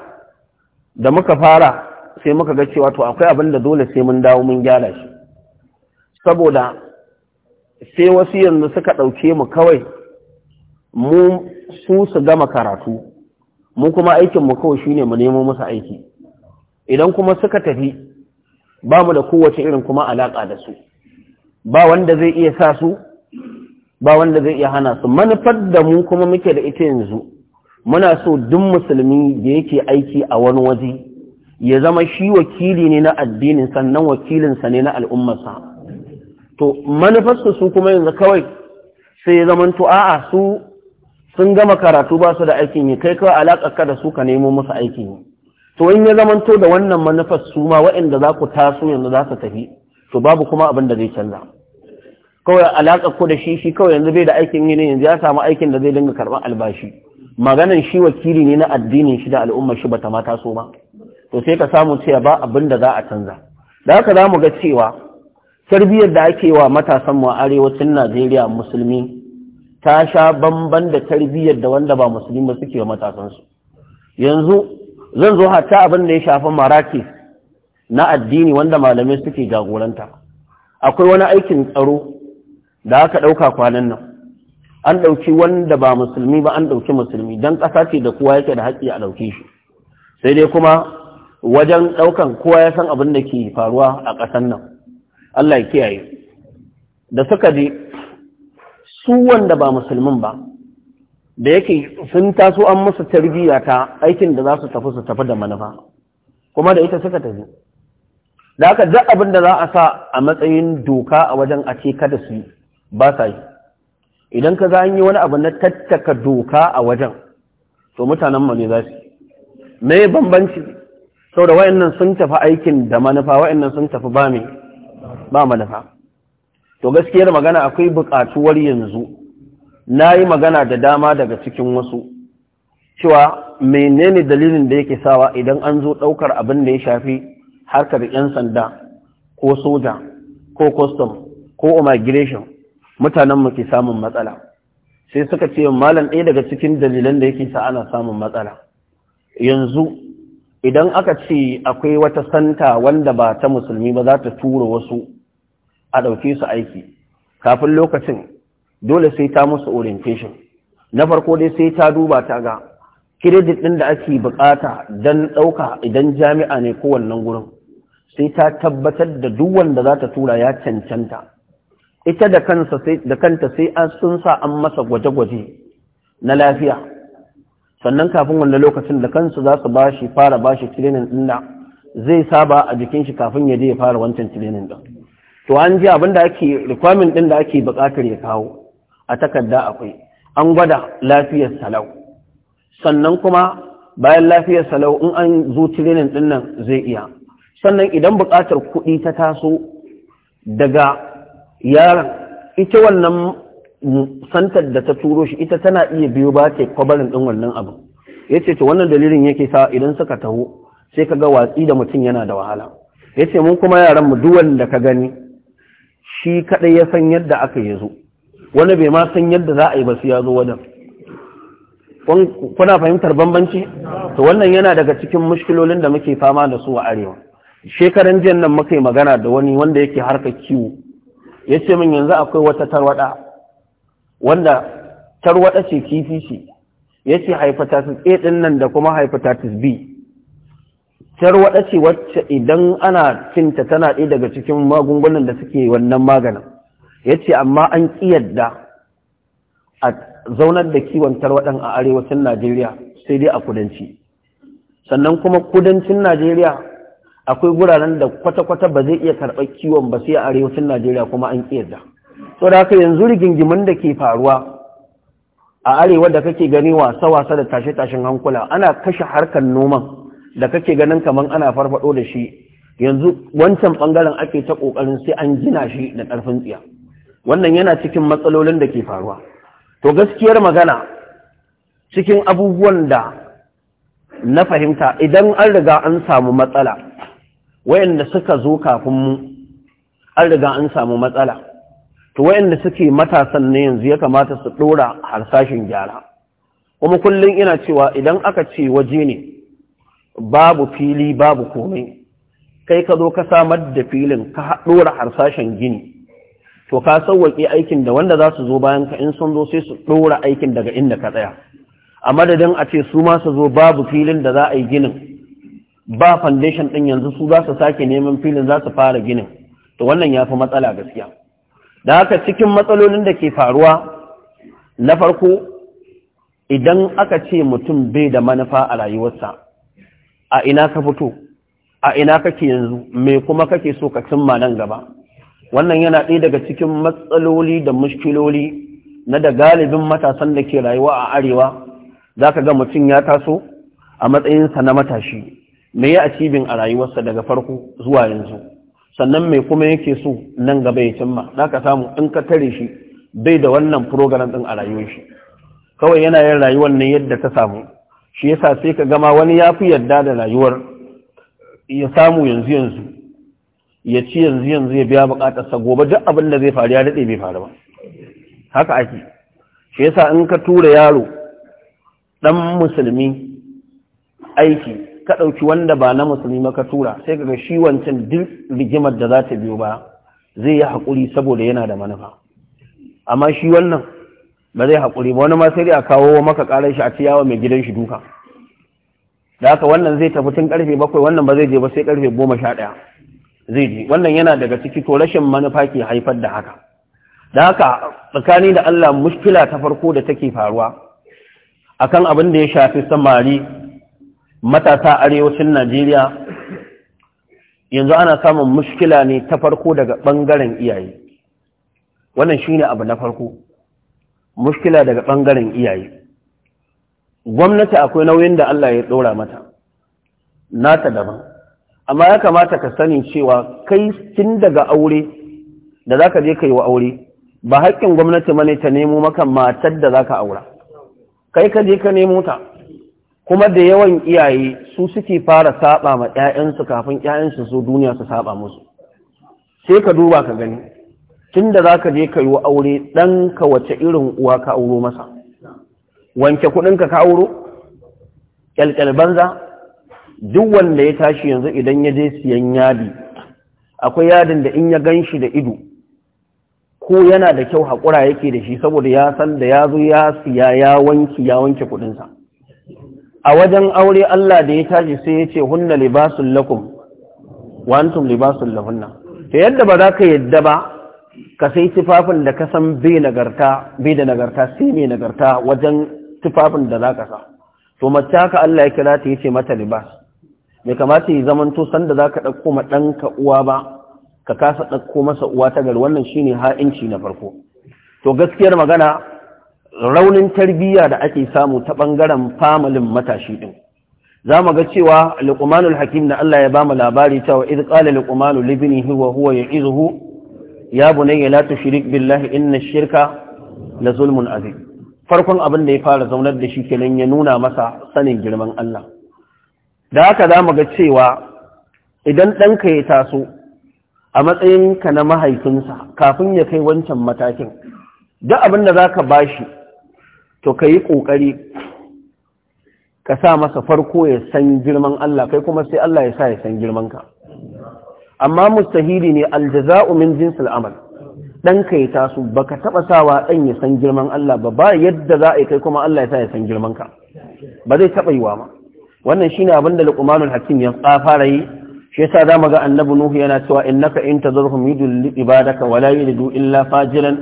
da muka fara sai muka ga cewa to akwai abin da dole sai mun dawo mun gyara shi saboda sai wasu yanzu suka ɗauke mu kawai mu su su gama karatu mu kuma aikinmu kawai shine mu nemo musu aiki idan kuma suka tafi ba mu da kowace irin kuma alaƙa da su ba wanda zai iya sa su ba wanda zai iya hana su manufar da mu kuma muke da ita yanzu muna so duk musulmi da yake aiki a wani waje ya zama shi wakili ne na addinin sannan wakilinsa ne na al'ummarsa to manufarsu su kuma yanzu kawai sai ya zama a'a su sun gama karatu ba su da aikin yi kai kawai alaka ka da su ka nemo musu aikin yi to in ya zama da wannan manufar su ma waɗanda za ku taso yanzu za su tafi to babu kuma abin da zai canza kawai alaƙa ko da shi shi kawai yanzu bai da aikin yi ne yanzu ya samu aikin da zai dinga karɓar albashi maganan shi wakili ne na addinin shi da al'umma shi bata ma taso ba to sai ka samu cewa ba abin da za a canza da haka za mu ga cewa tarbiyyar da ake wa matasan mu a arewacin Najeriya musulmi ta sha bamban da tarbiyyar da wanda ba musulmi ba suke wa matasansu yanzu zan zo hatta abin da ya shafi maraki na addini wanda malamai suke jagoranta akwai wani aikin tsaro da aka ɗauka kwanan nan an ɗauki wanda ba musulmi ba an ɗauki musulmi dan ƙasa ce da kowa yake da haƙƙi a ɗauke shi sai dai kuma wajen ɗaukan kowa ya san abin da ke faruwa a ƙasar nan Allah ya kiyaye da suka je su wanda ba musulmin ba da yake sun taso an masa tarbiyya ta aikin da za su tafi su tafi da manufa kuma da ita suka tafi da haka duk abin da za a sa a matsayin doka a wajen a ce kada su ba sa yi idan ka za an yi wani abu na tattaka doka a wajen to mutanen mu ne za su me bambanci saboda wayannan sun tafi aikin da manufa wayannan sun tafi ba mai ba manufa to gaskiyar magana akwai buƙatuwar yanzu na yi magana da dama daga cikin wasu cewa menene dalilin da yake sawa idan an zo ɗaukar abin da ya shafi harkar 'yan sanda ko soja ko custom ko immigration mutanenmu ke samun matsala sai suka ce malam ɗaya daga cikin dalilan da yake sa ana samun matsala yanzu idan aka ce akwai wata santa wanda ba ta musulmi ba za ta tura wasu a ɗauke su aiki kafin lokacin dole sai ta musu orientation na farko dai sai ta duba ta ga kiredit ɗin da ake bukata don ɗauka idan jami'a ne ko wannan gurin sai ta tabbatar da duk wanda za ta tura ya cancanta ita da kanta sai an sun sa an masa gwaje-gwaje na lafiya sannan kafin wannan lokacin da kansu za su ba shi fara ba shi training ɗin da zai saba a jikin shi kafin ya je ya fara wancan training ɗin to an ji abin da ake rikwamin din da ake buƙatar ya kawo a takarda akwai an gwada lafiyar salau sannan kuma bayan lafiyar salau in an zo tirinin din nan zai iya sannan idan buƙatar kuɗi ta taso daga yaran ita wannan santar da ta turo shi ita tana iya biyo ba ta kwabarin ɗin wannan abu ya ce to wannan dalilin yake sa idan suka taho sai ka ga watsi da mutum yana da wahala ya ce mun kuma yaran mu duwan da ka gani shi kaɗai ya san yadda aka yi zo wani bai ma san yadda za a yi ba su ya zo wadan kuna fahimtar bambanci to wannan yana daga cikin mushkilolin da muke fama da su a arewa shekaran jiyan nan muka yi magana da wani wanda yake harka kiwo ya ce min yanzu akwai wata tarwada wanda tarwada ce kifi ce ya ce hepatitis a ɗin nan da kuma hepatitis b tarwaɗa ce wacce idan ana cinta tana ɗaya daga cikin magungunan da suke wannan maganin ya ce amma an ƙiyarda a zaunar da kiwon tarwaɗan a arewacin najeriya sai dai a kudanci sannan kuma kudancin najeriya akwai guraren da kwata-kwata ba zai iya karɓar kiwon ba sai a arewacin najeriya kuma an ƙiyarda so da haka yanzu rigingimin da ke faruwa a arewa da kake gani wasa-wasa da tashe-tashen hankula ana kashe harkar noman da kake ganin kamar ana farfado da shi yanzu wancan bangaren ake ta kokarin sai an gina shi da karfin tsiya wannan yana cikin matsalolin da ke faruwa to gaskiyar magana cikin abubuwan da na fahimta idan an riga an samu matsala wayanda suka zo kafin mu an riga an samu matsala to wayanda suke matasan ne yanzu ya kamata su dora harsashin gyara kuma kullun ina cewa idan aka ce waje ne babu fili babu komai kai ka zo ka samar da filin ka ɗora harsashen gini to ka sauwaƙe aikin da wanda za su zo bayan ka in sun zo sai su ɗora aikin daga inda ka tsaya a madadin a ce su ma su zo babu filin da za a yi ginin ba foundation ɗin yanzu su za su sake neman filin za su fara ginin to wannan ya fi matsala gaskiya da haka cikin matsalolin da ke faruwa na farko idan aka ce mutum bai da manufa a rayuwarsa a ina ka fito a ina kake yanzu me kuma kake so ka cimma nan gaba wannan yana ɗaya daga cikin matsaloli da mushkiloli na da galibin matasan da ke rayuwa a arewa za ka ga mutum ya taso a matsayinsa na matashi me ya acibin a rayuwarsa daga farko zuwa yanzu sannan me kuma yake so nan gaba ya cimma za ka samu in ka tare shi bai da wannan program ɗin a rayuwar shi kawai yana yin rayuwar ne yadda ta samu shi yasa sai ka gama wani ya fi yarda da rayuwar ya samu yanzu yanzu ya ci yanzu yanzu ya biya bukatarsa gobe duk abin da zai faru ya daɗe bai faru ba haka ake shi yasa in ka tura yaro ɗan musulmi aiki ka ɗauki wanda ba na musulmi ka tura sai ka ga shi wancan duk rigimar da za ta biyo ba zai yi hakuri saboda yana da manufa amma shi wannan ba zai haƙuri ba wani ma sai a kawo maka ƙarar shi a ci yawa mai gidan shi duka da haka wannan zai tafi tun ƙarfe bakwai wannan ba zai je ba sai ƙarfe goma sha ɗaya zai je wannan yana daga ciki to rashin manufa ke haifar da haka da haka tsakani da Allah mushkila ta farko da take faruwa akan abin da ya shafi samari matasa arewacin Najeriya yanzu ana samun mushkila ne ta farko daga ɓangaren iyaye wannan shine abu na farko mushkila daga ɓangaren iyaye gwamnati akwai nauyin da Allah ya ɗora mata nata daban amma ya kamata ka sani cewa kai tun daga aure da za ka je ka yi wa aure ba haƙƙin gwamnati mane ta nemo maka matar da za ka aura kai ka je ka nemo ta kuma da yawan iyaye su suke fara saba ma 'ya'yansu kafin 'ya'yansu su duniya su saba musu sai ka duba ka gani tun da za ka je ka yi aure ɗanka wace irin uwa ka auro masa wanke kuɗinka ka auro ƙyalƙyal banza duk wanda ya tashi yanzu idan ya je siyan yadi akwai yadin da in ya gan shi da ido ko yana da kyau haƙura yake da shi saboda ya san da ya zo ya siya ya wanki ya wanke kuɗinsa a wajen aure Allah da ya tashi sai ya ce hunna libasun lakum wa antum libasun lahunna ta yadda ba za ka yadda ba ka sai tufafin da ka san bai nagarta bai da nagarta sai mai nagarta wajen tufafin da za ka sa to mace haka Allah ya kira ta ce mata libas bai kamata ya zamanto sanda za ka ɗauko ma ɗanka uwa ba ka kasa ɗauko masa uwa ta gari wannan shine ha'inci na farko to gaskiyar magana raunin tarbiyya da ake samu ta ɓangaren famalin matashi din. za mu ga cewa liqmanul hakim da Allah ya ba mu labari cewa idh qala liqmanu libnihi wa huwa ya'izuhu ya bunayya la tushrik billahi inna shirka la zulmun azim farkon abin da ya fara zaunar da shi kenan ya nuna masa sanin girman Allah da haka za mu ga cewa idan ɗanka ya taso a matsayin ka na mahaifinsa kafin ya kai wancan matakin duk abin da za ka ba shi to ka yi ƙoƙari ka sa masa farko ya san girman Allah kai kuma sai Allah ya sa ya san girman ka amma mustahili ne aljaza'u min jinsil amal dan ka yi taso baka taba sawa dan ya san girman Allah ba ba yadda za a kai kuma Allah ya sa ya san girman ka ba zai taba yiwa ma wannan shine abin da Luqmanul Hakim ya fara yi shi yasa zamu ga Annabi Nuhu yana cewa innaka in tazurhum yudil ibadaka wala yalidu illa fajiran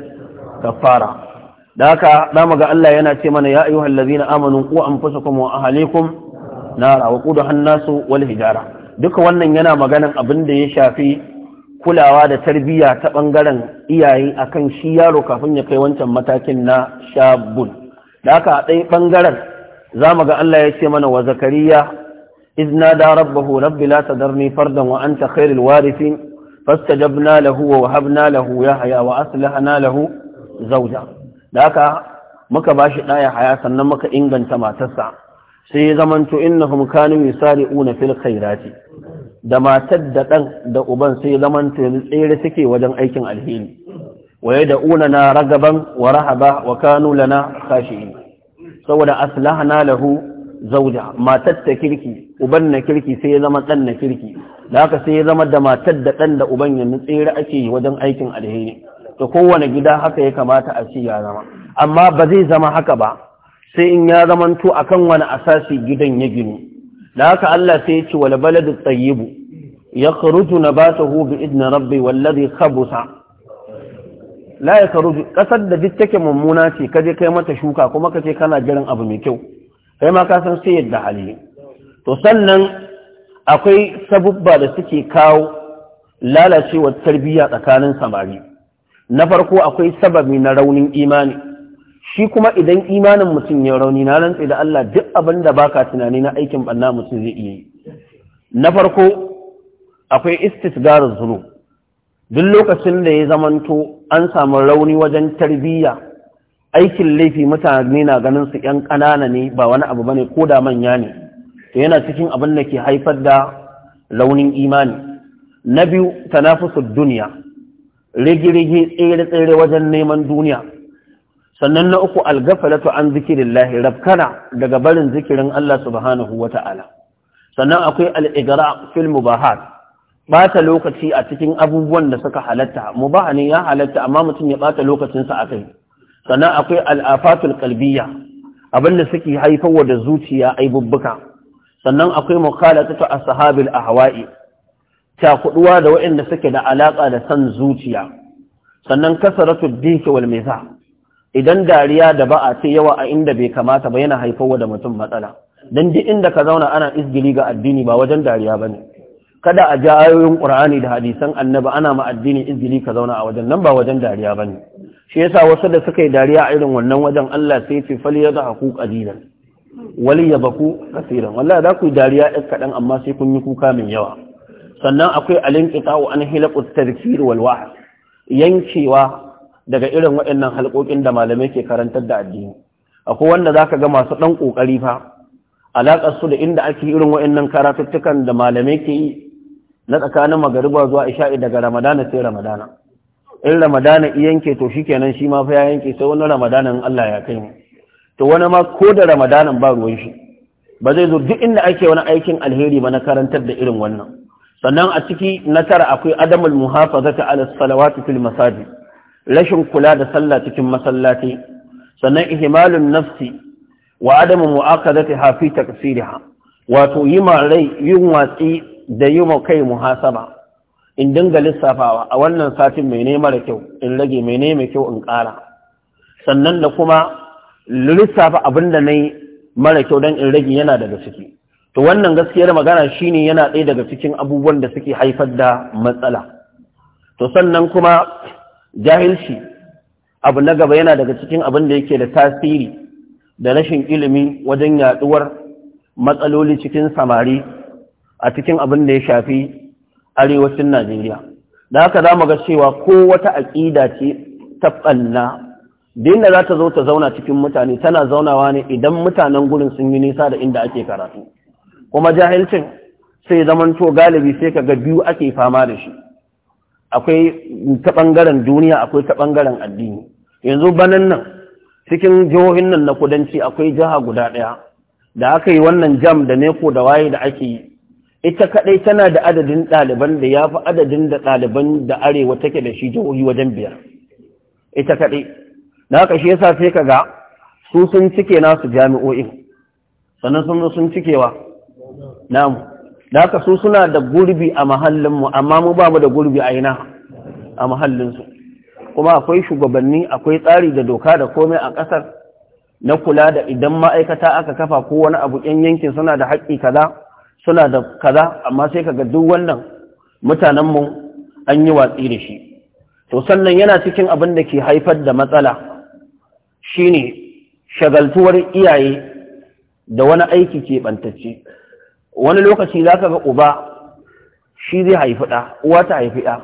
kafara da haka zamu ga Allah yana ce mana ya ayyuhallazina amanu qu anfusakum wa ahlikum nara wa qudaha an-nasu wal hijara duka wannan yana maganan abin da ya shafi kulawa da tarbiyya ta ɓangaren iyaye akan shi yaro kafin ya kai wancan matakin na shabun da aka a ɗaya ɓangaren za mu ga Allah ya ce mana wa zakariya izna da rabbahu rabbi la tadarni fardan wa anta khairul warithin fastajabna lahu wa wahabna lahu yahya wa aslahna lahu zawja da aka muka bashi ɗaya haya sannan muka inganta matarsa sai ya zamanto innahum kanu yusari'una fil khairati da matar da dan da uban sai ya zamanto yanzu tsere suke wajen aikin alheri wa da'una na ragaban wa rahaba wa kanu lana khashi'in saboda aslahna lahu zauja matar ta kirki uban na kirki sai ya zama dan na kirki da haka sai ya zama da matar da dan da uban yanzu tsere ake yi wajen aikin alheri to kowane gida haka ya kamata a ci ya zama amma ba zai zama haka ba sai in ya zamanto kan wani asasi gidan ya ginu da haka Allah sai ya ce wal baladu tayyibu yakhruju nabatuhu bi idni rabbi wallazi khabusa la yakhruju kasar da duk take mummuna ce ka je kai mata shuka kuma kace kana jiran abu mai kyau kai ma ka san sai yadda hali to sannan akwai sabubba da suke kawo lalacewar tarbiyya tsakanin samari na farko akwai sababi na raunin imani shi kuma idan imanin mutum ya rauni na rantse da Allah duk abin da baka tunani na aikin banna mutum zai iya yi na farko akwai istisgar zuru, duk lokacin da ya zamanto an samu rauni wajen tarbiyya aikin laifi mutane na ganin su yan ƙanana ne ba wani abu bane ko da manya ne to yana cikin abin da ke haifar da raunin imani na biyu ta tanafusud duniya rigi-rigi tsere-tsere wajen neman duniya sannan na uku algafalatu an zikirillahi rabkana daga barin zikirin Allah subhanahu wata'ala sannan akwai al'igara fil mubahat bata lokaci a cikin abubuwan da suka halatta mubaha ne ya halatta amma mutum ya bata lokacinsa a kai sannan akwai al'afatul qalbiyya abinda suke haifarwa da zuciya aibubbuka sannan akwai mukhalatatu ashabil ahwa'i cakuduwa da waɗanda suke da alaƙa da san zuciya sannan kasaratu dinki wal mizah idan dariya da ba a ce yawa a inda bai kamata ba yana haifarwa da mutum matsala don ji inda ka zauna ana isgili ga addini ba wajen dariya ba ne kada a ja ayoyin ƙur'ani da hadisan annaba ana ma addini isgili ka zauna a wajen nan ba wajen dariya ba ne shi yasa wasu da suka yi dariya a irin wannan wajen Allah sai ce fali ya ku qalilan wali ya baku kasiran wallahi za ku yi dariya ɗan kaɗan amma sai kun yi kuka mai yawa sannan akwai wa an hilaqu tadhkir wal wahal. yankewa daga irin waɗannan halƙoƙin da malamai ke karantar da addini akwai wanda zaka ga masu ɗan ƙoƙari fa alaƙar su da inda ake irin waɗannan karatuttukan da malamai ke yi na tsakanin magariba zuwa isha'i daga ramadana sai ramadana in ramadana yanke to shi kenan shi ma fa ya yanke sai wani ramadanan Allah ya kai mu to wani ma ko da ramadanan ba ruwan shi ba zai zo duk inda ake wani aikin alheri ba na karantar da irin wannan sannan a ciki na tara akwai adamul muhafazata ala salawati fil masajid rashin kula da sallah cikin masallaci sannan ihmalun nafsi wa adamu mu'aqadatiha fi taqsiriha wato yi ma rai yin watsi da yi ma kai muhasaba in dinga lissafawa a wannan satin mai ne mara kyau in rage mai ne mai kyau in ƙara sannan da kuma lissafa abin da na yi mara kyau don in rage yana daga ciki to wannan gaskiyar magana shine yana ɗaya daga cikin abubuwan da suke haifar da matsala to sannan kuma jahilci abu na gaba yana daga cikin abin da yake da tasiri da rashin ilimi wajen yaduwar matsaloli cikin samari a cikin abin da ya shafi arewacin Najeriya. Da haka za mu ga cewa ko wata aƙida ce ta ɓanna, dinda za ta zo ta zauna cikin mutane tana zaunawa ne idan mutanen gurin sun yi nisa da inda ake karatu. Kuma jahilcin sai zamanto galibi sai kaga biyu ake fama da shi. akwai ta ɓangaren duniya akwai ta ɓangaren addini yanzu banan nan cikin jihohin nan na kudanci akwai jiha guda ɗaya da aka yi wannan jam da neko da waye da ake yi ita kaɗai tana da adadin ɗaliban da ya fi adadin da ɗaliban da arewa take da shi jihohi wajen biyar ita kaɗai da aka shi yasa sai ka ga su sun cike nasu jami'o'in sannan sun sun cikewa namu da haka su suna da gurbi a mahallinmu amma mu ba mu da gurbi a ina a mahallinsu kuma akwai shugabanni akwai tsari da doka da komai a ƙasar na kula da idan ma'aikata aka kafa ko wani abu yan yankin suna da haƙƙi kaza suna da kaza amma sai kaga duk wannan mutanenmu an yi watsi da shi to sannan yana cikin abin da ke haifar da matsala shine shagaltuwar iyaye da wani aiki ke bantacce wani lokaci za ka ga uba shi zai haifi ɗa uwa ta haifi ɗa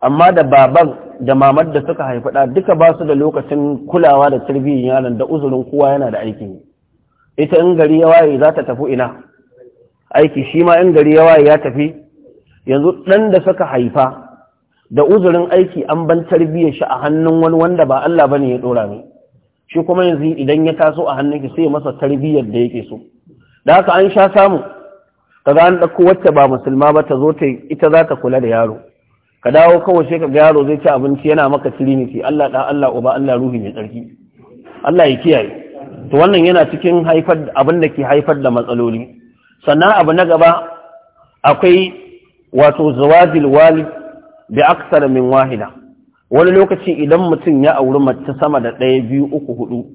amma da baban da mamar da suka haifi ɗa duka ba su da lokacin kulawa da tarbiyyar yaron da uzurin kowa yana da aiki. ita in gari ya waye za ta tafi ina aiki shi ma in gari ya waye ya tafi yanzu ɗan da suka haifa da uzurin aiki an ban tarbiyyar shi a hannun wani wanda ba Allah bane ya dora shi kuma yanzu idan ya taso a hannun ki sai masa tarbiyyar da yake so da haka an sha samu kaga an ɗauko wacce ba musulma ba ta zo ta ita za ta kula da yaro ka dawo kawai sai ka ga yaro zai ci abinci yana maka trinity Allah da Allah uba Allah ruhi mai tsarki Allah ya kiyaye to wannan yana cikin haifar abin da ke haifar da matsaloli sannan abu na gaba akwai wato zawajil walid bi aksara min wahida wani lokaci idan mutum ya auri mace sama da ɗaya biyu uku hudu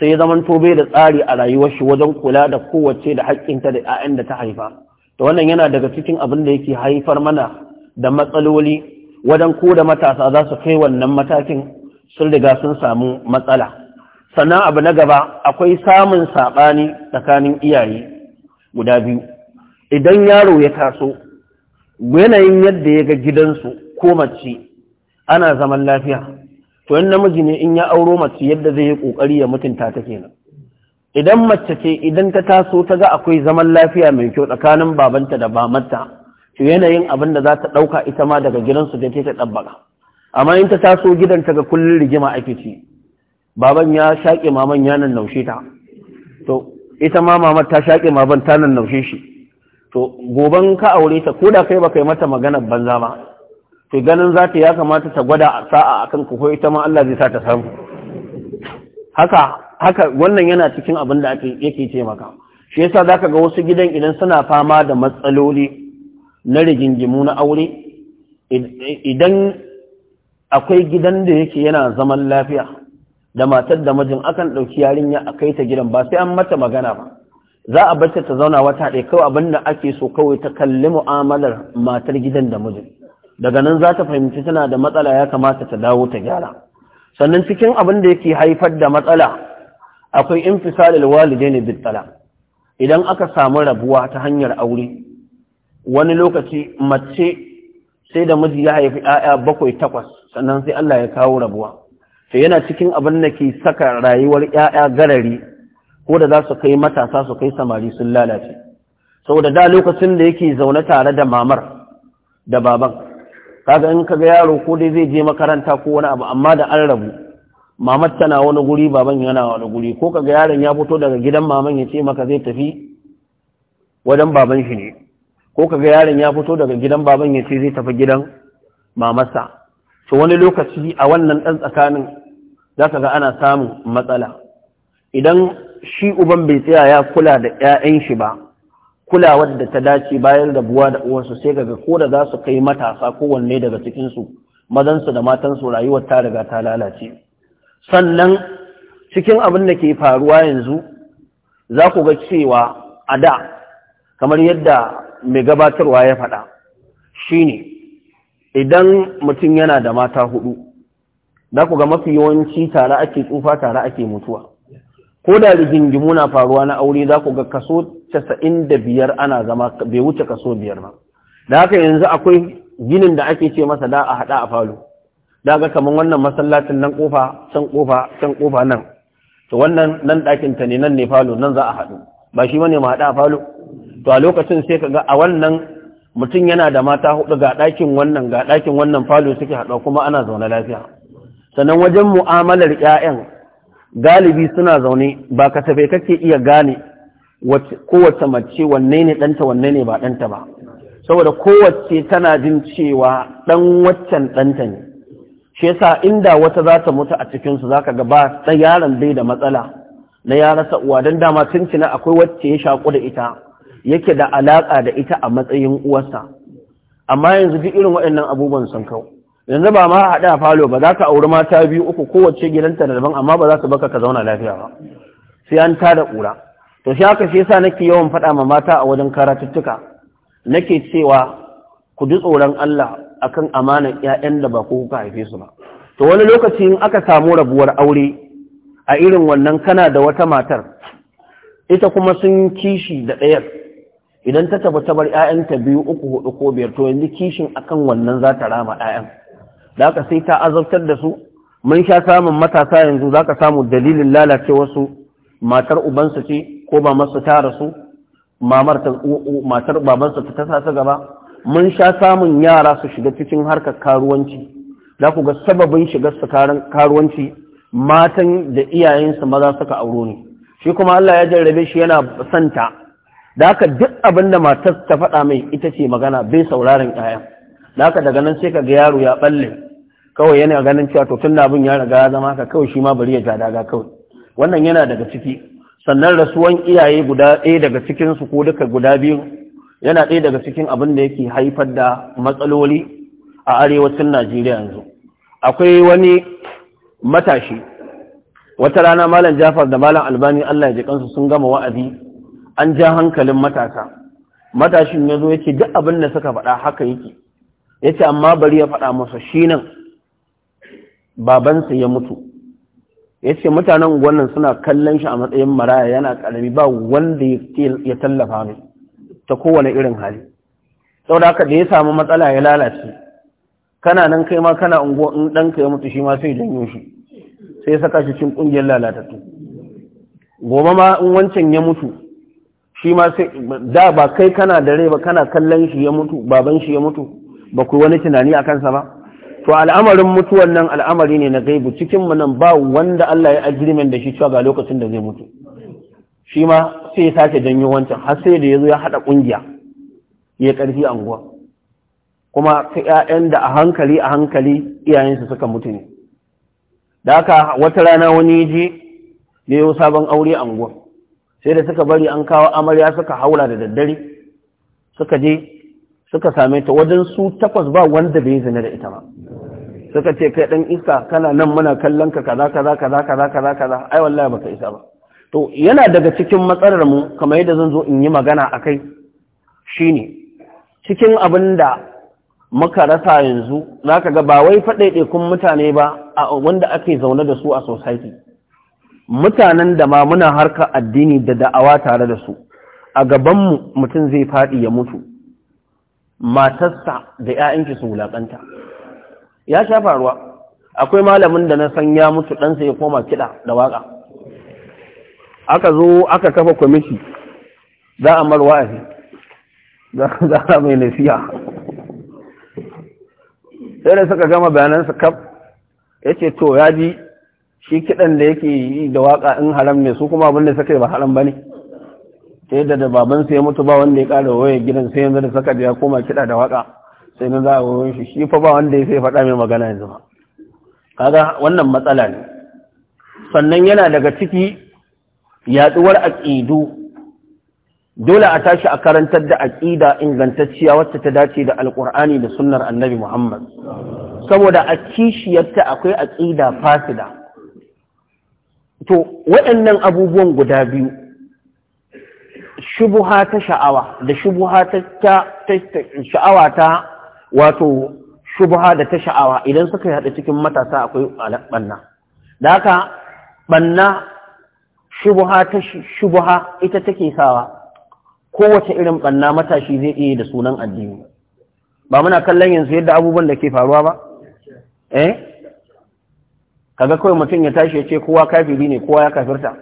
sai ya zaman tobe da tsari a rayuwar shi wajen kula da kowace da haƙƙinta da 'ya'yan da ta haifa to wannan yana daga cikin abin da yake haifar mana da matsaloli wajen ko da matasa za su kai wannan matakin sun riga sun samu matsala sannan abu na gaba akwai samun saɓani tsakanin iyaye guda biyu idan yaro ya taso yanayin yadda ya ga gidansu ko mace ana zaman lafiya to yan namiji ne in ya auro mace yadda zai yi kokari ya mutunta ta kenan idan mace ce idan ta taso ta ga akwai zaman lafiya mai kyau tsakanin babanta da bamanta to yanayin abin da za ta ɗauka ita ma daga gidansu da ta ɗabbaka amma in ta taso gidan ta ga kullun rigima ake ci baban ya shaƙe maman ya nan naushe ta to ita ma mamar ta shaƙe maman ta nan naushe shi to goban ka aure ta ko da kai ba kai mata maganar banza ba to ganin za ta ya kamata ta gwada sa'a akan ku ita ma Allah zai sa ta samu haka haka wannan yana cikin abin da yake ce maka shi yasa zaka ga wasu gidan idan suna fama da matsaloli na rigingimu na aure idan akwai gidan da yake yana zaman lafiya da matar da mijin akan ɗauki yarinya a kai ta gidan ba sai an mata magana ba za a bar ta zauna wata ɗaya kawai abin da ake so kawai ta kalli mu'amalar matar gidan da mijin daga nan za ta fahimci tana da matsala ya kamata ta dawo ta gyara sannan cikin abin da yake haifar da matsala akwai infisalil walide ne bittala idan aka samu rabuwa ta hanyar aure wani lokaci mace sai da miji ya haifi 'ya'ya bakwai takwas sannan sai Allah ya kawo rabuwa sai yana cikin abin da ke saka rayuwar 'ya'ya garari ko da za su kai matasa su kai samari sun lalace saboda da lokacin da yake zaune tare da mamar da baban kaga in kaga yaro ko dai zai je makaranta ko wani abu amma da an rabu mamat tana wani guri baban yana wani guri ko kaga yaron ya fito daga gidan maman ya ce maka zai tafi wajen baban shi ne ko kaga yaron ya fito daga gidan baban ya ce zai tafi gidan mamarsa to wani lokaci a wannan dan tsakanin zaka ga ana samun matsala idan shi uban bai tsaya ya kula da 'ya'yan shi ba kulawar da ta dace bayan rabuwa da uwarsu sai ga ko da za su kai matasa kowanne daga cikinsu mazansu da matansu rayuwar ta riga ta lalace sannan cikin abin da ke faruwa yanzu za ku ga cewa a da kamar yadda mai gabatarwa ya faɗa shine idan mutum yana da mata hudu za ku ga mafi yawanci tare ake tsufa tare ake mutuwa ko da rigingimu na faruwa na aure za ku ga kaso casa'in da biyar ana zama bai wuce kaso biyar ba da haka yanzu akwai ginin da ake ce masa da a haɗa a falo da ga kamar wannan masallacin nan kofa can kofa can kofa nan to wannan nan ɗakin ta ne nan ne falo nan za a haɗu ba shi ne mu haɗa a falo to a lokacin sai ka ga a wannan mutum yana da mata huɗu ga ɗakin wannan ga ɗakin wannan falo suke haɗuwa kuma ana zaune lafiya sannan wajen mu'amalar 'ya'yan galibi suna zaune ba kasafai kake iya gane kowace mace wanne ne ɗanta wanne ne ba ɗanta ba saboda kowace tana jin cewa ɗan waccan ɗanta ne shi yasa inda wata za ta mutu a cikinsu za ka ga ba ɗan yaron bai da matsala na ya rasa uwa don dama tun cina akwai wacce ya shaƙu da ita yake da alaƙa da ita a matsayin uwarsa amma yanzu duk irin waɗannan abubuwan sun kau yanzu ba ma haɗa falo ba za ka auri mata biyu uku kowace gidanta da daban amma ba za su baka ka zauna lafiya ba sai an tada ƙura to shi haka shi yasa nake yawan faɗa ma mata a wajen karatuttuka nake cewa ku ji tsoron Allah akan amanar ƴaƴan da ba ku kuka haife su ba to wani lokaci in aka samu rabuwar aure a irin wannan kana da wata matar ita kuma sun kishi da ɗayar idan ta tafi bar ‘ya'yanta biyu uku hudu ko biyar to yanzu kishin akan wannan za ta rama ‘ya'yan da aka sai ta azabtar da su mun sha samun matasa yanzu za ka samu dalilin lalace wasu matar ubansu ce ko ba masa ta rasu mamar ta matar babansa ta tasa gaba mun sha samun yara su shiga cikin harkar karuwanci za ku ga sababin shigar su karuwanci matan da iyayensu maza suka auro ne shi kuma Allah ya jarrabe shi yana santa da haka duk abin da matar ta faɗa mai ita ce magana bai sauraron ƴaƴan da haka daga nan sai ka ga yaro ya balle kawai yana ganin cewa to tun da abin ya riga ya zama ka kawai shi ma bari ya ja daga kawai wannan yana daga ciki sannan rasuwan iyaye guda ɗaya daga cikinsu ko duka guda biyu yana ɗaya daga cikin abin da yake haifar da matsaloli a arewacin najeriya yanzu akwai wani matashi wata rana malam jafar da malam albani allah ya ji kansu sun gama wa'azi an ja hankalin matasa matashin ya zo ya duk abin da suka faɗa haka yake ya amma bari ya faɗa masa shi nan babansa ya mutu ya ce mutanen wannan suna kallon shi a matsayin maraya yana karami ba wanda ya tallafa mai ta kowane irin hali sau da haka da ya samu matsala ya lalace kana nan kai ma kana unguwa in ka ya mutu shi ma sai janyo shi sai ya saka shi cin ƙungiyar lalatattu gobe ma in wancan ya mutu shi ma sai da ba kai kana da rai ba kana kallon shi ya mutu baban shi ya mutu ba ku wani tunani a kansa ba to al'amarin mutuwan nan al'amari ne na gaibu cikin mu nan ba wanda Allah ya agreement da shi cewa ga lokacin da zai mutu shi ma sai ya sake janyo wancan har sai da yazo ya hada kungiya ya karfi anguwa kuma ƴaƴan da a hankali a hankali iyayensu suka mutu ne da haka wata rana wani je ya yi sabon aure a anguwa sai da suka bari an kawo amarya suka haura da daddare suka je suka same ta wajen su takwas ba wanda bai zina da ita ba suka ce kai ɗan iska kana nan muna kallon ka kaza kaza kaza kaza kaza kaza ai wallahi baka isa ba to yana daga cikin matsalar mu kamar yadda zan zo in yi magana a akai shine cikin abin da muka rasa yanzu zaka ga ba wai kun mutane ba a wanda ake zaune da su a society mutanen da ma muna harka addini da da'awa tare da su a gaban mu mutum zai faɗi ya mutu matarsa da 'ya'yanki su wulaƙanta ya sha faruwa akwai malamin da na san ya mutu ɗansa ya koma kiɗa da waƙa aka zo aka kafa kwamiti za a marwa a za a mai nasiya sai da suka gama bayanansa kaf ya ce to ya ji shi kiɗan da yake yi da waƙa in haram ne su kuma abin da suka yi ba haram ba ne Sai da da babansa ya mutu ba wanda ya ƙara waya gidan sai yanzu da suka ya koma kiɗa da waƙa sai na za a wurin shi shi fa ba wanda ya sai faɗa mai magana yanzu ba kaga wannan matsala ne sannan yana daga ciki yaduwar aqidu dole a tashi a karantar da aqida ingantacciya wacce ta dace da alqur'ani da sunnar annabi Muhammad saboda a kishiyarta akwai aƙida fasida to waɗannan abubuwan guda biyu shubuha ta sha'awa da shubuha ta sha'awa ta wato shubha da ta sha'awa idan suka haɗu cikin matasa akwai ɓanna da haka ɓanna shubha ta shubha ita take sawa kowace irin ɓanna matashi zai iya da sunan addini ba muna kallon yanzu yadda abubuwan da ke faruwa ba eh kaga kawai mutum ya tashi ya ce kowa kafiri ne kowa ya kafirta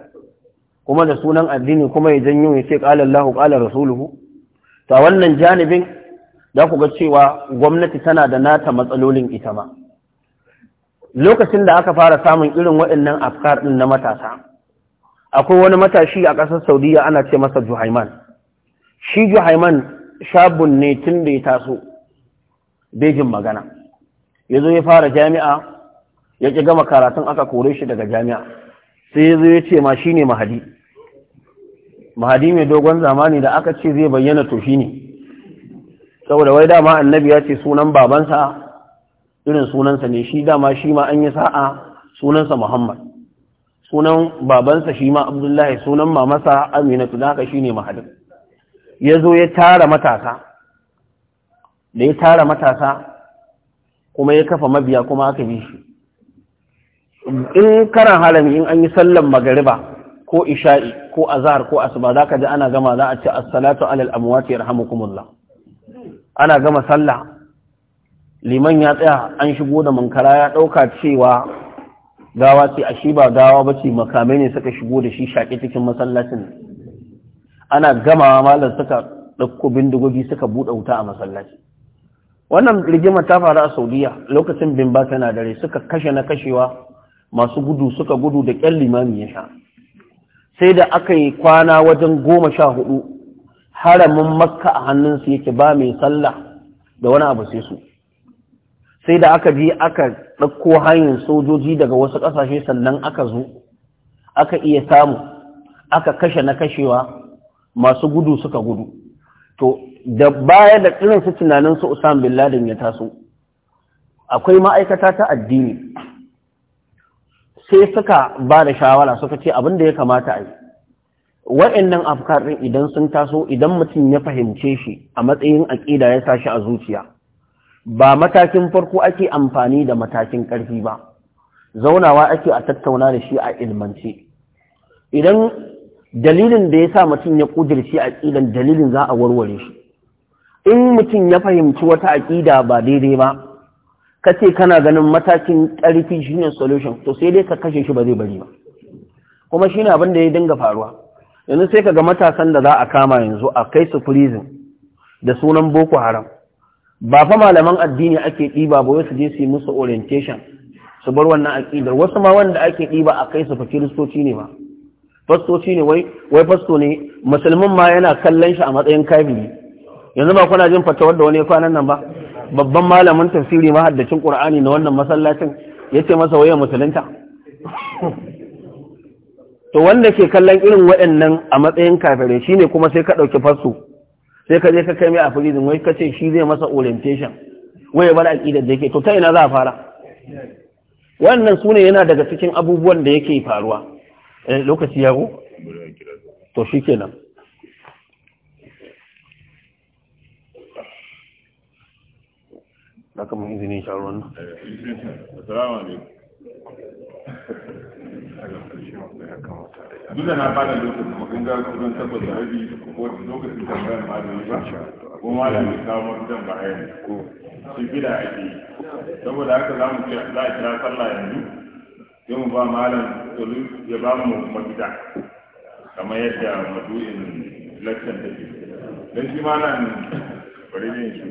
kuma da sunan addini kuma ya janyo ya ce ƙalallahu ƙalar rasuluhu to wannan janibin za ku ga cewa gwamnati tana da nata matsalolin ita ma lokacin da aka fara samun irin waɗannan afkar ɗin na matasa akwai wani matashi a ƙasar saudiya ana ce masa juhaiman shi juhaiman shabun ne tun da ya taso bejin magana ya zo ya fara jami'a ya ƙi gama karatun aka kore shi daga jami'a sai ya zo ya ce ma shi ne mahadi mahadi mai dogon zamani da aka ce zai bayyana to shi ne saboda wai dama annabi ya ce sunan babansa irin sunansa ne shi dama shi ma an yi sa'a sunansa muhammad sunan babansa shi ma abdullahi sunan mamasa aminatu da haka shi ne mahadin ya zo ya tara matasa da ya tara matasa kuma ya kafa mabiya kuma aka bi shi in karan halami in an yi sallan magariba ko isha'i ko azhar ko asuba za ka ji ana gama za a ce as-salatu alal amwati yarhamukumullah ana gama sallah liman ya tsaya an shigo da munkara ya ɗauka cewa gawa ce a ba gawa ba ce makamai ne suka shigo da shi shaƙi cikin masallacin ana gama malar suka ɗauko bindigogi suka buɗe wuta a masallaci wannan rigima ta faru a saudiya lokacin bin ba tana dare suka kashe na kashewa masu gudu suka gudu da kyan limami ya sha sai da aka yi kwana wajen goma sha hudu haramin makka a hannunsu yake ba mai sallah da wani abu sai su sai da aka je aka ɗauko hanyar sojoji daga wasu ƙasashe sannan aka zo aka iya samu aka kashe na kashewa masu gudu suka gudu to da baya da irin su tunanin su usam bin Ladin ya taso akwai ma'aikata ta addini sai suka ba da shawara suka ce abin da ya kamata a yi wa'annan afkar din idan sun taso idan mutum ya fahimce shi a matsayin aƙida ya sashi a zuciya ba matakin farko ake amfani da matakin ƙarfi ba zaunawa ake a tattauna da shi a ilmance idan dalilin da ya sa mutum ya ƙudirce aƙidan dalilin za a warware shi in mutum ya fahimci wata aƙida ba daidai ba kace kana ganin matakin ƙarfi shine solution to sai dai ka kashe shi ba zai bari ba kuma shine abin da ya dinga faruwa yanzu sai ka ga matasan da za a kama yanzu a kai su prison da sunan boko haram ba fa malaman addini ake ɗiba ba wai su je su yi musu orientation su bar wannan aƙidar wasu ma wanda ake ɗiba a kai su fa kiristoci ne ba fastoci ne wai wai fasto ne musulmin ma yana kallon shi a matsayin kafiri yanzu ba kuna jin fatawar da wani kwanan nan ba babban malamin tafsiri mahaddacin qur'ani na wannan masallacin yace masa waye musulunta to wanda ke kallon irin waɗannan a matsayin kafirai ne kuma sai ka ɗauki fasu sai ka je ka kai mai a firizin wai ka ce shi zai masa orientation wai bar aƙidar da yake to ta ina za a fara wannan su ne yana daga cikin abubuwan da yake faruwa eh, lokaci ya go to shi ke nan. duk da na fara lokacin magan ga kudin da rabi ko lokacin tambayar malami ba ko malami kawo wajen bayani ko shi gida ake yi saboda haka za mu ce za a kira sallah yanzu sai mu ba malam tolu ya ba mu mafita kamar yadda madu'in lakcin da ke don shi malam bari ne shi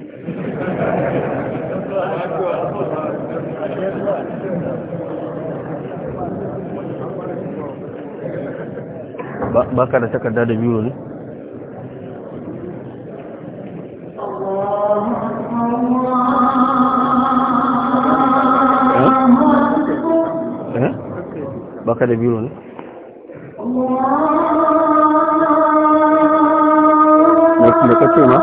ba ka da takarda da biyu ne eh? Eh? ka da biyu ne ka ce ma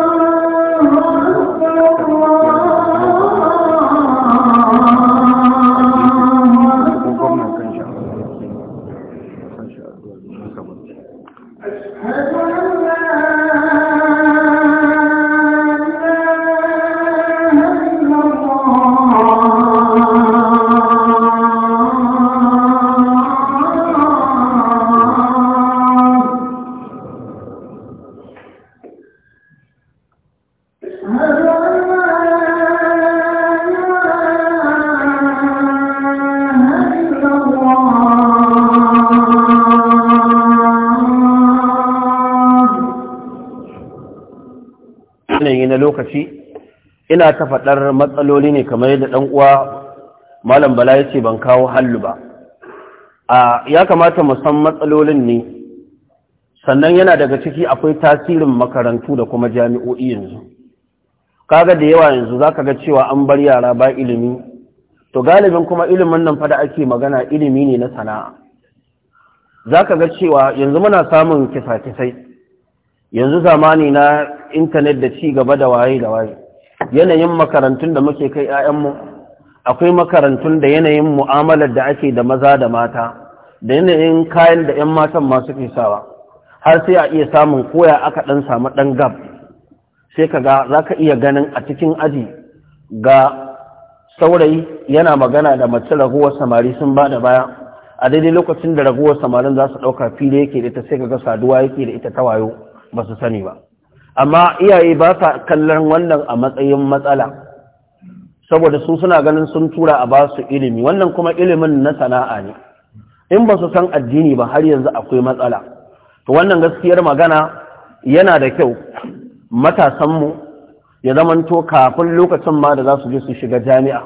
yana ta faɗar matsaloli ne kamar yadda ɗan uwa malam bala ya ce ban kawo hallu ba a ya kamata mu san matsalolin ne sannan yana daga ciki akwai tasirin makarantu da kuma jami'o'i yanzu kaga da yawa yanzu ka ga cewa an bar yara ba ilimi to galibin kuma ilimin nan fada ake magana ilimi ne na sana'a Za ka ga cewa yanzu muna samun kisa-kisai yanzu zamani na intanet da ci gaba da waye da waye yanayin makarantun da muke kai 'ya'yanmu akwai makarantun da yanayin mu'amalar da ake da maza da mata da yanayin kayan da 'yan matan masu kisawa. har sai a iya samun koya aka ɗan samu ɗan gab sai ka ga za ka iya ganin a cikin aji ga saurayi yana magana da mace raguwar samari sun ba da baya a daidai lokacin da raguwar samarin za su ɗauka fili yake da ita sai ka ga saduwa yake da ita ta wayo ba su sani ba amma iyaye ba sa kallon wannan a matsayin matsala saboda su suna ganin sun tura a ba su ilimi wannan kuma ilimin na sana'a ne in ba su san addini ba har yanzu akwai matsala to wannan gaskiyar magana yana da kyau matasan mu ya zamanto kafin lokacin ma da za su je su shiga jami'a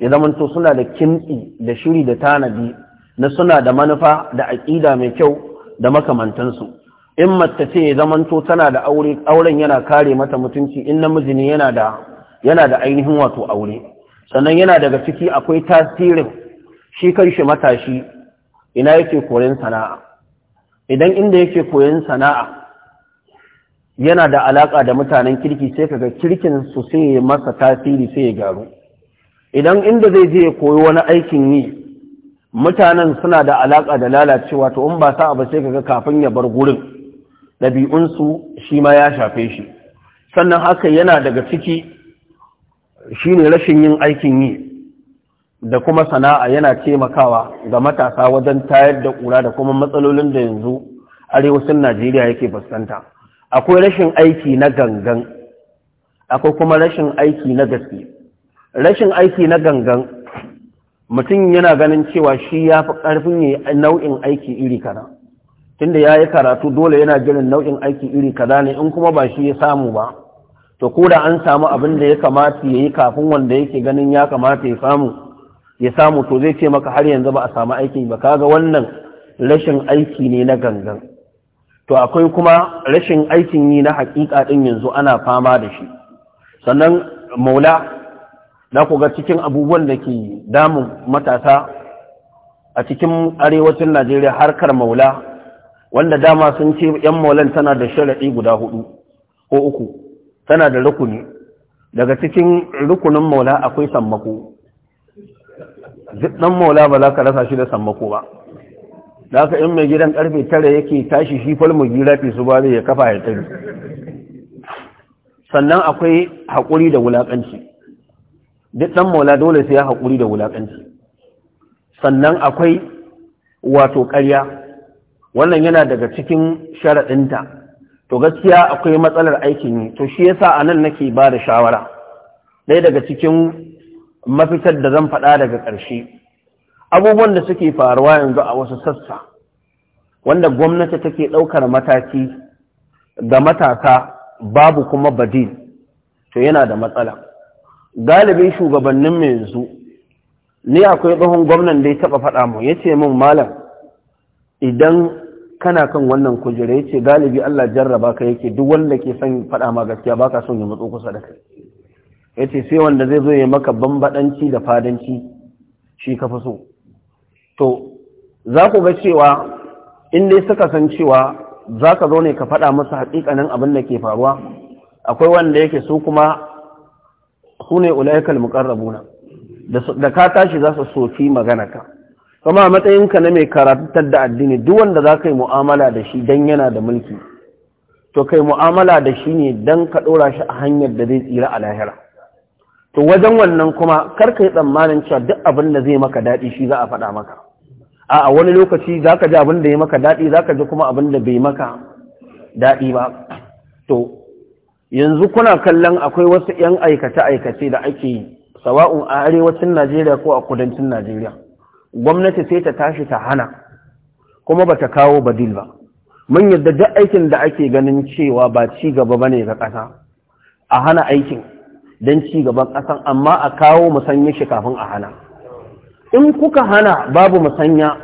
ya zamanto suna da kintsi da shiri da tanadi na suna da manufa da aƙida mai kyau da makamantansu in mata ce ya zamanto tana da aure auren yana kare mata mutunci in namiji ne yana da yana da ainihin wato aure sannan yana daga ciki akwai tasirin shi kanshi matashi ina yake koyon sana'a idan inda yake koyon sana'a yana da alaka da mutanen kirki sai kaga kirkin su sai masa tasiri sai ya gyaru idan inda zai je ya koyi wani aikin yi mutanen suna da alaka da lalacewa to in ba sa'a ba sai kaga kafin ya bar gurin ɗabi'unsu shi ma ya shafe shi sannan haka yana daga ciki shine rashin yin aikin yi da kuma sana'a yana taimakawa ga matasa wajen tayar da ƙura da kuma matsalolin da yanzu arewacin najeriya yake fuskanta akwai rashin aiki na gangan akwai kuma rashin aiki na gaske rashin aiki na gangan mutum yana ganin cewa shi ya fi ƙarfin nau'in aiki iri kana tunda ya yi karatu dole yana jiran nau'in aiki iri kaza ne in kuma ba shi ya samu ba to ko da an samu abin da ya kamata ya yi kafin wanda yake ganin ya kamata ya samu ya samu to zai ce maka har yanzu ba a samu aikin ba kaga wannan rashin aiki ne na gangan to akwai kuma rashin aikin yi na hakika din yanzu ana fama da shi sannan maula na ku ga cikin abubuwan da ke damun matasa a cikin arewacin najeriya harkar maula wanda dama sun ce yan maulan tana da sharaɗi guda hudu ko uku tana da rukuni daga cikin rukunin maula akwai sammako dan maula ba za ka rasa shi da sammako ba da haka in mai gidan karfe tara yake tashi shi falmu gira fi su bari ya kafa ya tsari sannan akwai haƙuri da wulaƙanci duk ɗan maula dole sai ya haƙuri da wulaƙanci sannan akwai wato ƙarya wannan yana daga cikin sharaɗinta to gaskiya akwai matsalar aikin yi to shi yasa a nan nake ba da shawara ɗaya daga cikin mafitar da zan faɗa daga ƙarshe abubuwan da suke faruwa yanzu a wasu sassa wanda gwamnati take ɗaukar mataki ga matasa babu kuma badil to yana da matsala Galibi shugabannin mai yanzu ni akwai tsohon gwamnan da ya taɓa faɗa mu ya ce min malam idan kana kan wannan kujera ce galibi Allah jarraba ka yake duk wanda ke son faɗa ma gaskiya baka son ya matso kusa da kai ce sai wanda zai zo ya maka bambadanci da fadanci shi ka fi so to za ku ga cewa in dai suka san cewa za ka zo ne ka faɗa masa haƙiƙanin abin da ke faruwa akwai wanda yake su kuma su ne ulaikal muƙarrabuna da ka tashi za su soki magana ka kuma a matsayinka na mai karatar da addini duk wanda za ka yi mu'amala da shi don yana da mulki to kai mu'amala da shi ne don ka ɗora shi a hanyar da zai tsira a lahira to wajen wannan kuma kar ka yi tsammanin cewa duk abin da zai maka daɗi shi za a faɗa maka a wani lokaci za ka ji abin da ya maka daɗi za ka ji kuma abin da bai maka daɗi ba to yanzu kuna kallon akwai wasu 'yan aikace-aikace da ake yi sawa'un a arewacin najeriya ko a kudancin najeriya gwamnati sai ta tashi ta hana kuma ba ta kawo badil ba mun yadda duk aikin da ake ganin cewa ba ci gaba ba ne ga ƙasa a hana aikin don ci gaban ƙasan amma a kawo musanya shi kafin a hana in kuka hana babu musanya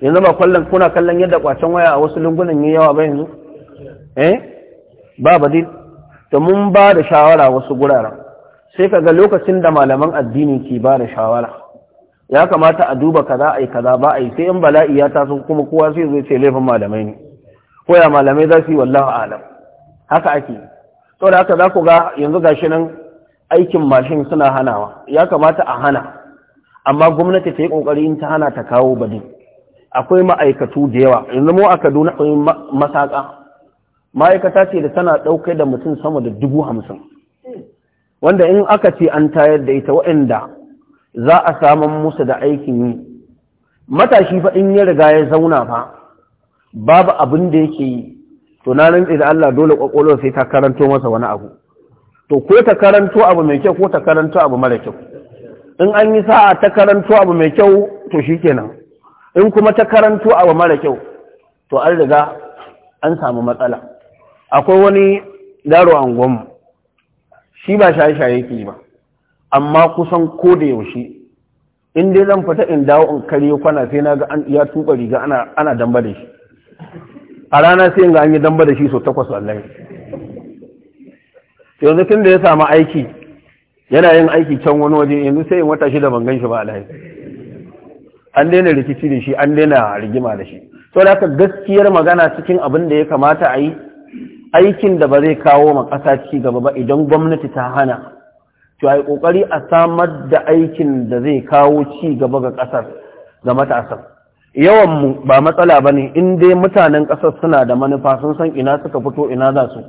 yanzu ba kwallon kuna kallon yadda kwacen waya a wasu lungunan yi yawa ba yanzu eh ba badil to mun ba da shawara wasu guraren sai kaga lokacin da malaman addini ke ba da shawara ya kamata a duba kaza ai kaza ba yi. sai in bala'i ya taso kuma kowa sai zai ce laifin malamai ne ko ya malamai za su yi wallahu alam haka ake da haka za ku ga yanzu gashi nan aikin mashin suna hanawa ya kamata a hana amma gwamnati ta yi kokari in ta hana ta kawo badi akwai ma'aikatu da yawa yanzu mu a Kaduna akwai masaka ma'aikata ce da tana ɗaukai da mutum sama da dubu hamsin wanda in aka ce an tayar da ita waɗanda za a saman musu da aikin yi matashi fa in ya riga ya zauna fa babu abin da yake yi to na rantsi da Allah dole kwakwalwar sai ta karanto masa wani abu to ko ta karanto abu mai kyau ko ta karanto abu mara kyau in an yi sa'a ta karanto abu mai kyau to shikenan in kuma ta karanto abu mara kyau to an riga an samu matsala akwai wani yaro angonmu shi ba shaye-shaye yake ba amma kusan ko da yaushe in dai zan fita in dawo in karya kwana sai na ga ya tuba riga ana ana damba da shi a rana sai ga an yi damba da shi so takwas wallahi yanzu tun da ya samu aiki yana yin aiki can wani waje yanzu sai in wata shida ban gan shi ba alhaji an daina rikici da shi an daina rigima da shi to da gaskiyar magana cikin abin da ya kamata a yi aikin da ba zai kawo ma kasa ci gaba ba idan gwamnati ta hana to ai kokari a samar da aikin da zai kawo ci gaba ga kasar ga matasan yawan mu ba matsala bane in dai mutanen kasar suna da manufa sun san ina suka fito ina za su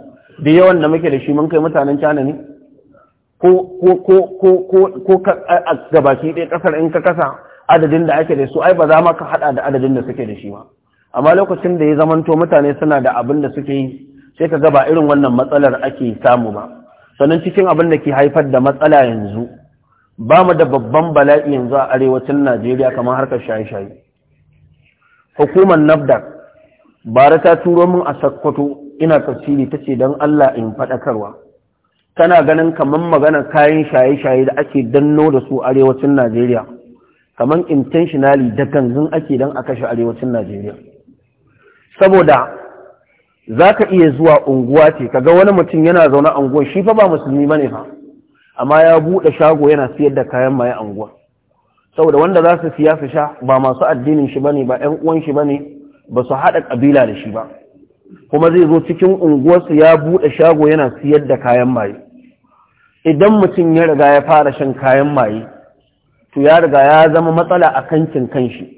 da yawan da muke da shi mun kai mutanen China ne ko ko ko ko ko gabaki ɗaya kasar in ka kasa adadin da ake da su ai ba za ma ka hada da adadin da suke da shi ba amma lokacin da ya zamanto mutane suna da abin da suke yi sai ka ga ba irin wannan matsalar ake samu ba sannan cikin abin da ke haifar da matsala yanzu ba mu da babban bala'i yanzu a arewacin najeriya kamar harkar shaye-shaye hukumar nafdak bara ta turo min a sakkwato ina tafsiri ta ce don allah in faɗakarwa tana ganin kamar magana kayan shaye-shaye da ake danno da su arewacin najeriya kamar intentionally da ganzun ake don a kashe arewacin najeriya saboda za ka iya zuwa unguwa ce ka ga wani mutum yana zaune a unguwa shi fa ba musulmi bane fa amma ya buɗe shago yana siyar da kayan maye unguwa saboda wanda za su siya su sha ba masu addinin shi bane ba ƴan uwan shi bane ba su haɗa ƙabila da shi ba kuma zai zo cikin unguwarsu ya buɗe shago yana siyar da kayan maye idan mutum ya riga ya fara shan kayan maye to ya riga ya zama matsala a kankin kanshi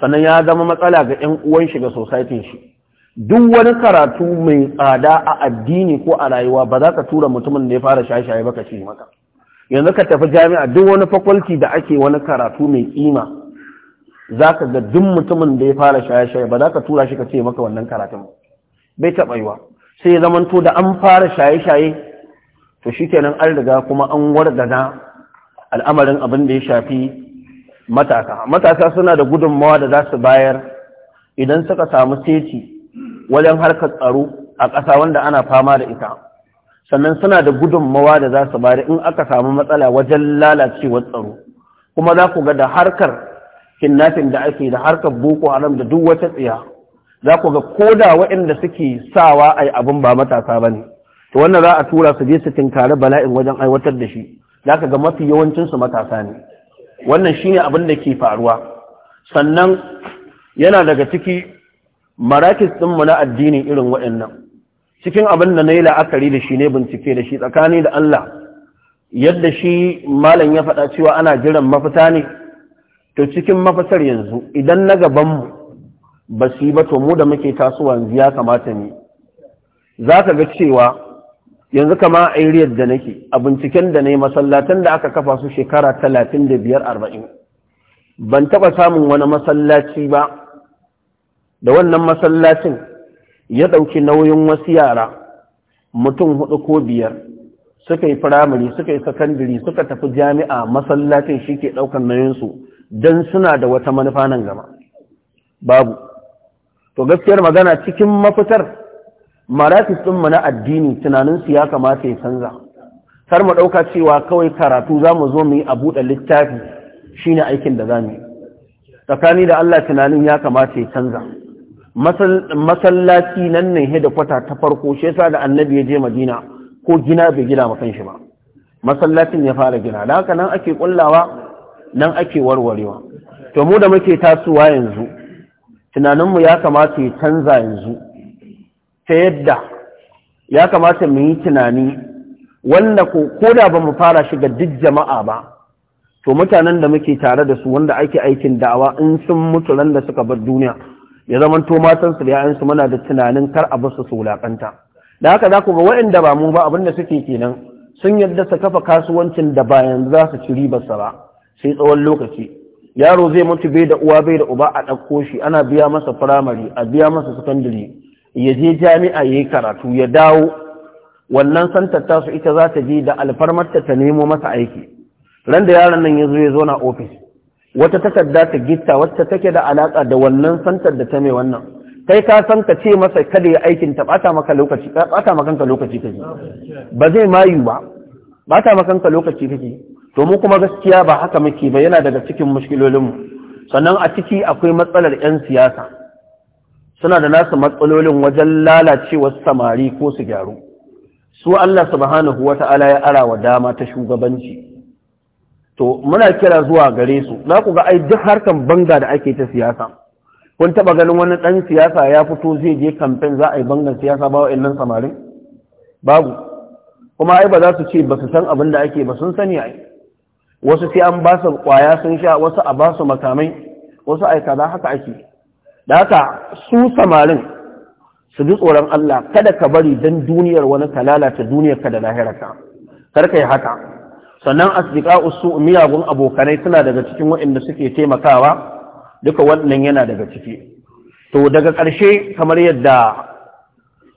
sannan ya zama matsala ga 'yan uwan shi ga sosaitin shi duk wani karatu mai tsada a addini ko a rayuwa ba za ka tura mutumin da ya fara shaye-shaye ba ka ce maka yanzu ka tafi jami'a duk wani fakwalti da ake wani karatu mai kima za ka ga duk mutumin da ya fara shaye-shaye ba za ka tura shi ka ce maka wannan karatun bai taɓa yiwa sai zamanto da an fara shaye-shaye to shi kenan an riga kuma an wargaza al'amarin abin da ya shafi matasa matasa suna da gudunmawa da za su bayar idan suka samu seti wajen harkar tsaro a ƙasa wanda ana fama da ita sannan suna da gudunmawa da za su bari in aka samu matsala wajen lalacewar tsaro kuma za ku ga da harkar kinnafin da ake da harkar boko haram da duk wata tsiya za ku ga ko da waɗanda suke sawa a abin ba matasa ba ne to wannan za a tura su je su tinkari bala'in wajen aiwatar da shi za ka ga mafi yawancinsu matasa ne wannan shine abin da ke faruwa sannan yana daga ciki marakis ɗin mu na addini irin waɗannan cikin abin da na yi la'akari da shi ne bincike da shi tsakani da Allah yadda shi malam ya faɗa cewa ana jiran mafita ne to cikin mafitar yanzu idan na mu ba su yi ba to mu da muke tasowa yanzu ya kamata ne za ka ga cewa yanzu kama a da nake a binciken da na yi masallatan da aka kafa su shekara talatin da biyar arba'in ban taɓa samun wani masallaci ba da wannan masallacin ya ɗauki nauyin wasu yara mutum hudu ko biyar suka yi firamare suka yi sakandiri suka tafi jami'a masallacin shi ke ɗaukar nauyinsu don suna da wata manufa nan gaba babu to gaskiyar magana cikin mafitar maratis ɗinmu na addini tunaninsu ya kamata ya canza har mu ɗauka cewa kawai karatu za mu zo mu yi a buɗe littafi shine aikin da za mu yi tsakani da Allah tunanin ya kamata ya canza masallaci nan ne da kwata ta farko shi yasa da annabi ya je madina ko gina bai gina ba kanshi ba masallacin ya fara gina da haka nan ake kullawa nan ake warwarewa to mu da muke tasowa yanzu tunaninmu ya kamata ya canza yanzu ta yadda ya kamata mu yi tunani wanda ko da ba mu fara shiga duk jama'a ba to mutanen da muke tare da su wanda ake aikin da'awa in sun mutu ran da suka bar duniya ya zama to su da su muna da tunanin kar a basu su wulakanta da haka za ku ga waɗanda ba mu ba abin da suke kenan sun yadda su kafa kasuwancin da bayan za su ci ribarsa ba sai tsawon lokaci yaro zai mutu bai da uwa bai da uba a ɗauko shi ana biya masa firamare a biya masa sakandare ya je jami'a ya yi karatu ya dawo wannan santar tasu ita za ta je da alfarmarta ta nemo masa aiki ran da yaron nan ya zo ya zo na ofis wata takarda ta gitta wacce take da alaƙa da wannan santar da ta mai wannan kai ka san ka ce masa kada ya aikin ta bata maka lokaci bata maka kanka lokaci kake ba zai mayu ba bata maka kanka lokaci kake to mu kuma gaskiya ba haka muke ba yana daga cikin mushkilolin mu sannan a ciki akwai matsalar yan siyasa suna da nasu matsalolin wajen lalacewar samari ko su gyaru su Allah subhanahu wata'ala ya ara wa dama ta shugabanci to muna kira zuwa gare su za ku ga ai duk harkan banga da ake ta siyasa kun taba ganin wani dan siyasa ya fito zai je kamfen za a yi bangan siyasa ba wa'annan samarin babu kuma ai ba za su ce ba su san abin da ake ba sun sani ai wasu sai an ba su kwaya sun sha wasu a ba su makamai wasu ai kaza haka ake da haka su samarin su ji tsoron Allah kada ka bari dan duniyar wani ka lalata duniyar ka da lahirarka kar ka yi haka sannan asdiqa usu miyagun abokanai suna daga cikin waɗanda suke taimakawa duka wannan yana daga ciki to daga ƙarshe kamar yadda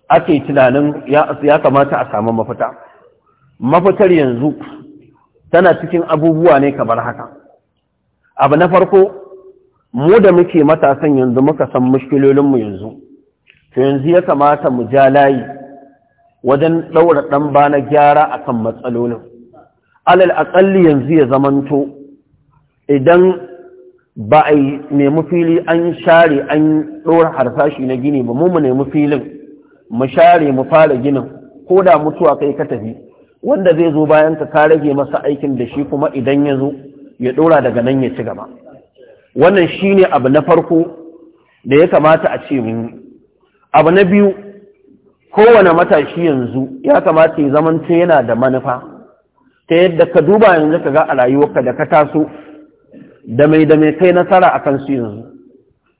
ake tunanin ya kamata a samu mafita mafitar yanzu tana cikin abubuwa ne kamar haka abu na farko mu da muke matasan yanzu muka san mu yanzu to yanzu ya kamata mu ja layi wajen ɗaura ɗan bana gyara akan matsalolin alal aƙalli yanzu ya zamanto idan ba a yi nemi fili an share an ɗora harsashi na gini ba mu mu nemi filin mu share mu fara ginin ko da mutuwa kai ka tafi wanda zai zo bayan ka ka rage masa aikin da shi kuma idan ya zo ya ɗora daga nan ya ci gaba wannan shi ne abu na farko da ya kamata a ce mun abu na biyu kowane matashi yanzu ya kamata ya zamanta yana da manufa ta yadda ka duba yanzu ka ga a rayuwarka da ka taso da mai da mai kai nasara a kansu yanzu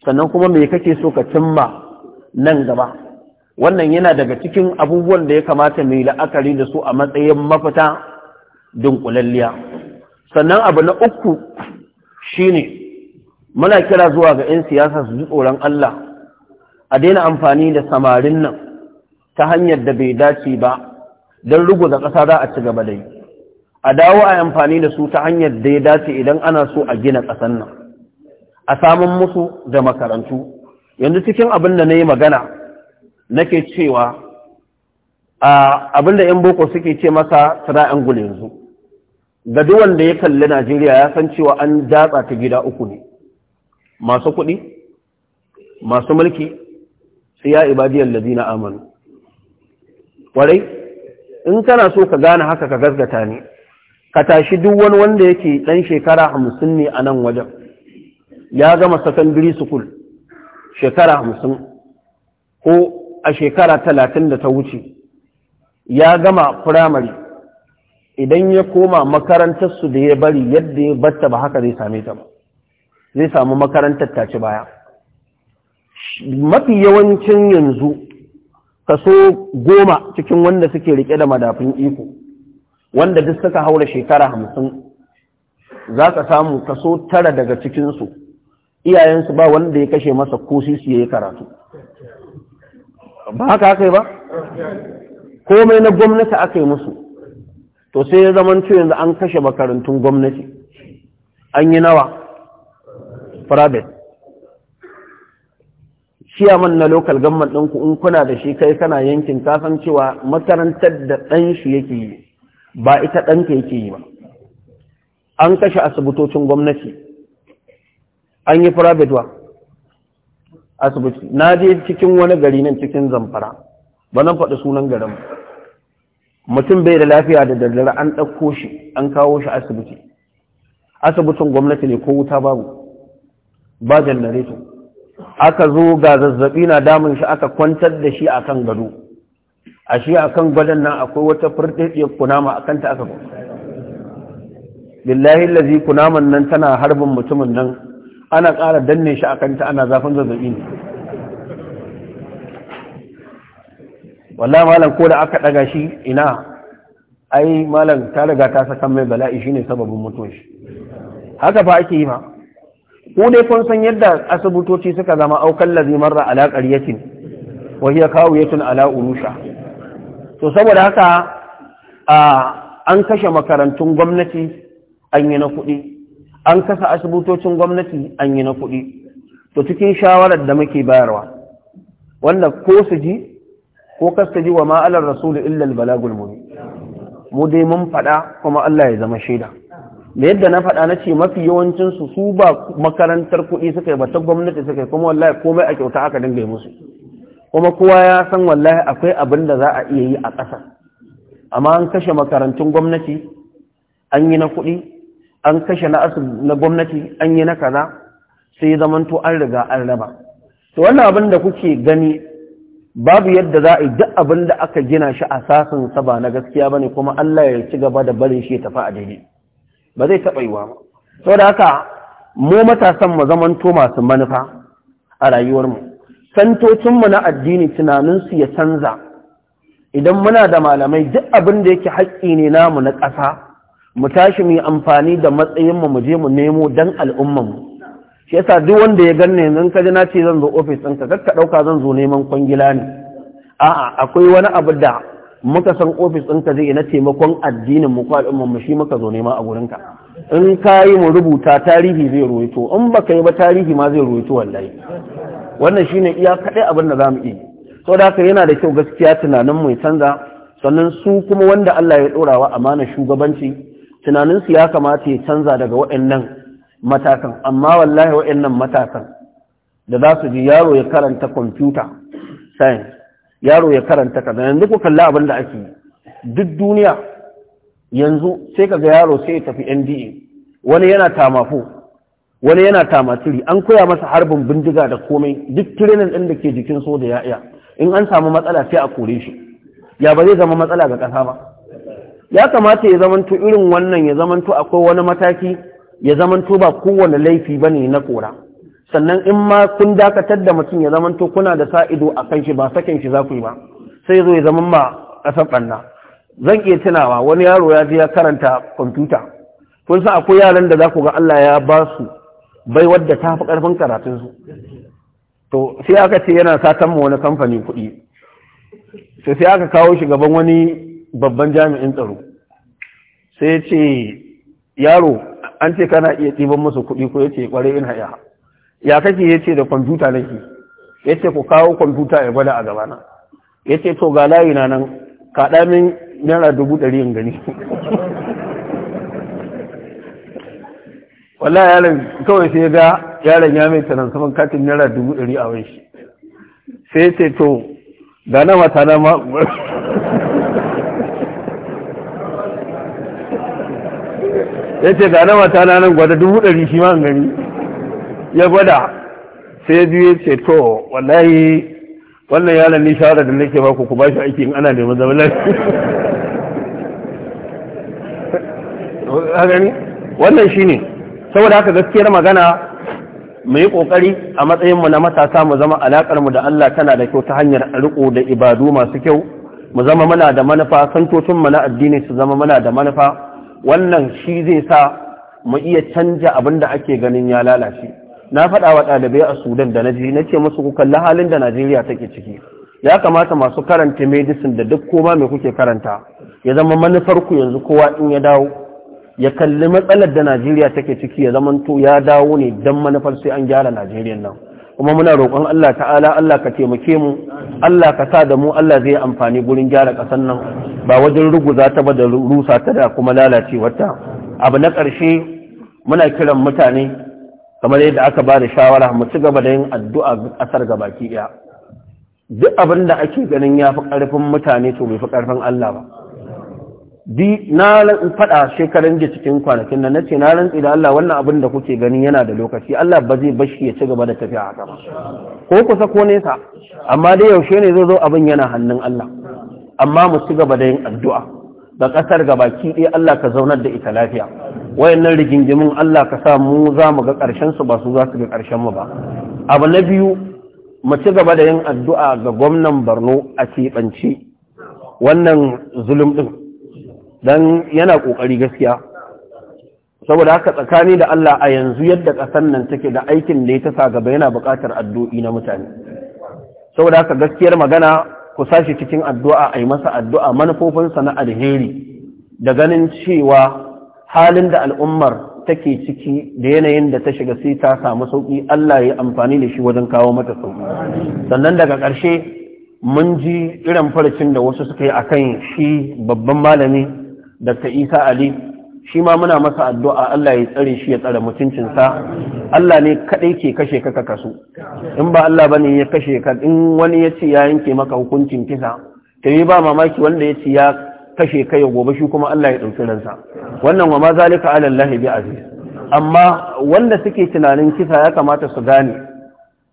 sannan kuma mai kake so ka cimma nan gaba wannan yana daga cikin abubuwan da ya kamata mai la'akari da su a matsayin mafita dunkulalliya sannan abu na uku shine muna kira zuwa ga 'yan siyasa su ji tsoron Allah a daina amfani da samarin nan ta hanyar da bai dace ba don da ƙasa za a ci gaba da yi a dawo a amfani da su ta hanyar da ya dace idan ana so a gina ƙasar nan a samun musu da makarantu yanzu cikin abin da na yi magana nake cewa abin da 'yan boko suke ce masa triangle yanzu ga duk wanda ya kalli najeriya ya san cewa an datsa ta gida uku ne masu kuɗi masu mulki sai ya ibadiyar lazina amanu ƙwarai in kana so ka gane haka ka gasgata ne ka tashi duk wani wanda yake ɗan shekara hamsin ne a nan wajen ya gama secondary school shekara hamsin ko a shekara talatin da ta wuce ya gama firamare idan ya koma makarantarsu da ya bari yadda ya batta ba haka zai same ta ba zai samu makarantar taci baya mafi yawancin yanzu kaso goma cikin wanda suke rike da madafin iko wanda duk suka haura shekara hamsin za ka samu kaso tara daga cikinsu iyayensu ba wanda ya kashe masa ko sisi ya yi karatu ba haka aka yi ba komai na gwamnati aka yi musu to sai ya zama yanzu an kashe makarantun gwamnati an yi nawa private man na lokal gamman ɗinku in kuna da shi kai kana yankin kasan cewa makarantar da ɗan shi yake yi ba ita ɗanta yake yi ba an kashe asibitocin gwamnati an yi private wa asibiti na je cikin wani gari nan cikin zamfara ba nan faɗi sunan garin mutum bai da lafiya da daddare an ɗauko shi an kawo shi asibiti asibitin gwamnati ne ko wuta babu ba janareto aka zo ga zazzaɓi na damun shi aka kwantar da shi a kan gado a shi a kan gwadon nan akwai wata furɗaɗɗiyar kunama a kanta aka ba lillahi lazi kunaman nan tana harbin mutumin nan ana ƙara danne shi a kanta ana zafin zazzaɓi ne wallah malam ko da aka ɗaga shi ina ai malam ta riga ta saka mai bala'i shine sababin mutuwar shi haka fa ake yi ma ko dai kun san yadda asibitoci suka zama aukan lazi marra ala ƙaryatin wa hiya kawiyatun ala urusha to saboda haka an kashe makarantun gwamnati an yi na kuɗi an kasa asibitocin gwamnati an yi na kuɗi to cikin shawarar da muke bayarwa wanda ko su ji ko kasta ji wa ma'alar rasulu illal balagul muni mu dai mun faɗa kuma Allah ya zama shaida da yadda na faɗa na ce mafi yawancin su su ba makarantar kuɗi suka yi ba ta gwamnati suka yi kuma wallahi komai a kyauta aka dinga yi musu kuma kowa ya san wallahi akwai abin da za a iya yi a ƙasa amma an kashe makarantun gwamnati an yi na kuɗi an kashe na na gwamnati an yi na kaza sai zamanto an riga an raba to wannan abin da kuke gani babu yadda za a yi duk abin da aka gina shi a sasin sa ba na gaskiya bane kuma Allah ya ci gaba da barin shi ya tafi a daidai ba zai taɓa yiwa ba saboda haka mu matasan mu zamanto masu manufa a rayuwar mu. santocinmu na addini tunaninsu ya canza idan muna da malamai duk abin da yake haƙƙi ne namu na ƙasa mu tashi mu yi amfani da matsayinmu mu je mu nemo don al'ummanmu shi yasa duk wanda ya ganne yanzu ka ji na ce zan zo ofis ɗin ka kakka ɗauka zan zo neman kwangila ne a'a akwai wani abu da muka san ofis ɗin ka zai na taimakon addinin mu ko al'ummanmu shi muka zo nema a gurin ka in ka yi mu rubuta tarihi zai ruwaito in baka yi ba tarihi ma zai ruwaito wallahi wannan shi ne iya kaɗai abin da za mu iya so da haka yana da kyau gaskiya tunanin mai canza sannan su kuma wanda Allah ya ɗora wa amana shugabanci tunaninsu ya kamata ya canza daga waɗannan matakan amma wallahi waɗannan matakan da za su ji yaro ya karanta kwamfuta science yaro ya karanta kaza yanzu ku kalla abin da ake duk duniya yanzu sai ka ga yaro sai ya tafi NDA wani yana tamafo wani yana tamatiri an koya masa harbin bindiga da komai duk tirenin ɗin da ke jikin soja ya iya in an samu matsala sai a kore shi ya ba zai zama matsala ga ƙasa ba ya kamata ya zamanto irin wannan ya zamanto akwai wani mataki ya zamanto ba kowane laifi ba ne na kora sannan in ma kun dakatar da mutum ya zamanto kuna da sa ido a kan shi ba sakin shi za ku yi ba sai zo ya zama ma ƙasar ɓanna zan iya tunawa wani yaro ya je ya karanta kwamfuta kun san akwai yaran da za ku ga Allah ya ba su bai wadda ta fi ƙarfin karatunsu to sai aka ce yana satan ma wani kamfani kuɗi to sai aka kawo shi gaban wani babban jami'in tsaro sai ya ce yaro an ce kana iya ɗiban musu kuɗi ko ya ce ƙware in haya ya kake ya ce da kwamfuta nake ya ce ku kawo kwamfuta ya gwada a gabana ya ce to ga layi na nan kaɗa min naira dubu ɗari in gani wallahi yaron kawai sai ga yaron ya mai tanan saman katin naira dubu ɗari a shi sai ce to da na mata na ma ya ce da na mata na nan gwada dubu ɗari shi ma gani ya gwada sai biyu ya ce to wallahi wannan yaron ni shawara da nake ba ku ku ba shi aiki in ana neman zama lafiya wannan ne, saboda haka gaskiyar magana mu yi ƙoƙari a matsayin mu na matasa mu zama alakar mu da Allah tana da kyau ta hanyar riko da ibadu masu kyau mu zama muna da manufa mu na addini su zama muna da manufa wannan shi zai sa mu iya canja abin da ake ganin ya lalace na faɗa wa ɗalibai a sudan da naji na ce musu ku kalli halin da najeriya take ciki ya kamata masu karanta medicine da duk koma mai kuke karanta ya zama manufar ku yanzu kowa in ya dawo ya kalli matsalar da Najeriya take ciki ya zamanto ya dawo ne don manufar sai an gyara Najeriya nan kuma muna roƙon Allah ta'ala Allah ka taimake mu Allah ka sa da mu Allah zai amfani gurin gyara ƙasar nan ba wajen ruguza ta ba da rusa ta da kuma lalacewarta abu na ƙarshe muna kiran mutane kamar yadda aka ba da shawara mu ci gaba da yin addu'a ga ƙasar ga baki ɗaya duk abin da ake ganin ya fi ƙarfin mutane to bai fi ƙarfin Allah ba di na faɗa shekaran da cikin kwanakin nan nace na rantsi da Allah wannan abin da kuke gani yana da lokaci Allah ba zai bashi ya ci gaba da tafiya haka ba ko kusa ko nesa amma dai yaushe ne zai zo abin yana hannun Allah amma mu ci gaba da yin addu'a ga kasar gabaki ɗaya Allah ka zaunar da ita lafiya wayannan rigingimin Allah ka sa mu za mu ga ƙarshen su ba su za su ga ƙarshen mu ba abu na biyu mu ci gaba da yin addu'a ga gwamnan Borno a keɓance wannan zulum ɗin dan yana kokari gaskiya saboda haka tsakani da Allah a yanzu yadda ƙasar nan take da aikin da ya ta gaba yana buƙatar addu'i na mutane saboda haka gaskiyar magana ku sashi cikin addu'a a yi masa addu'a manufofin sa na alheri da ganin cewa halin da al'ummar take ciki da yanayin da ta shiga sai ta samu sauƙi Allah ya amfani da shi wajen kawo mata sauƙi sannan daga ƙarshe mun ji irin farcin da wasu suka yi akan shi babban malami Dr. Isa Ali shi ma muna masa addu'a Allah ya tsare shi ya tsare mutuncinsa Allah ne kaɗai ke kashe ka kasu in ba Allah ba ne ya kashe ka in wani ya ce ya yanke maka hukuncin kisa ta yi ba mamaki wanda ya ce ya kashe ka ya gobe shi kuma Allah ya ɗauki ransa wannan wa ma zalika ala Allah bi aziz amma wanda suke tunanin kisa ya kamata su gane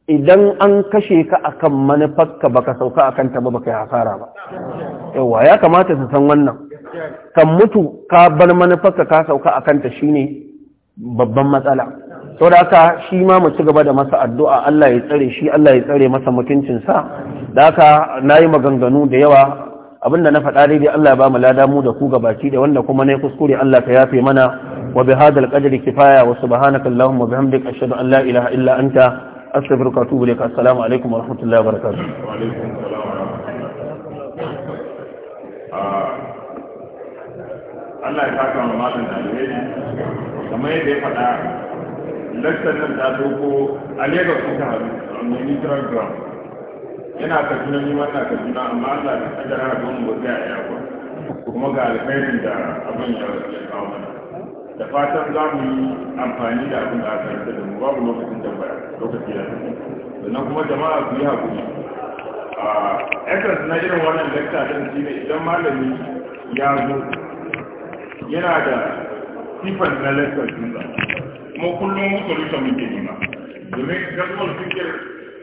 idan an kashe ka akan manufarka baka sauka akan ta ba baka yi hasara ba yawa ya kamata su san wannan kan mutu ka bar manufarka ka sauka a kanta shine babban matsala sau da aka shi ma mu ci gaba da masa addu'a Allah ya tsare shi Allah ya tsare masa mutuncinsa da aka na yi maganganu da yawa abin da na faɗa daidai Allah ya ba mu lada mu da ku gabaki da wanda kuma na yi kuskure Allah ka yafe mana wa bi hadal qadri kifaya wa subhanaka allahumma bihamdika ashhadu an la ilaha illa anta astaghfiruka wa atubu assalamu alaikum wa rahmatullahi wa barakatuh Allah ya saka wa da alheri kamar yadda ya faɗa lakcin nan ta doko a Lagos ta haru a Ministral Ground yana Kaduna ni ma na Kaduna amma Allah ya kaddara da mu ba zai a ba kuma ga alkhairin da abin ya kawo mana da fatan za mu yi amfani da abin da aka yi da mu babu lokacin da ba lokaci ya sannan kuma jama'a su yi haƙuri a na irin wannan lakta ɗin shi ne idan malami ya zo yana da sifan na lantarki kuma kullum musulunta muke nema domin gasuwar fikir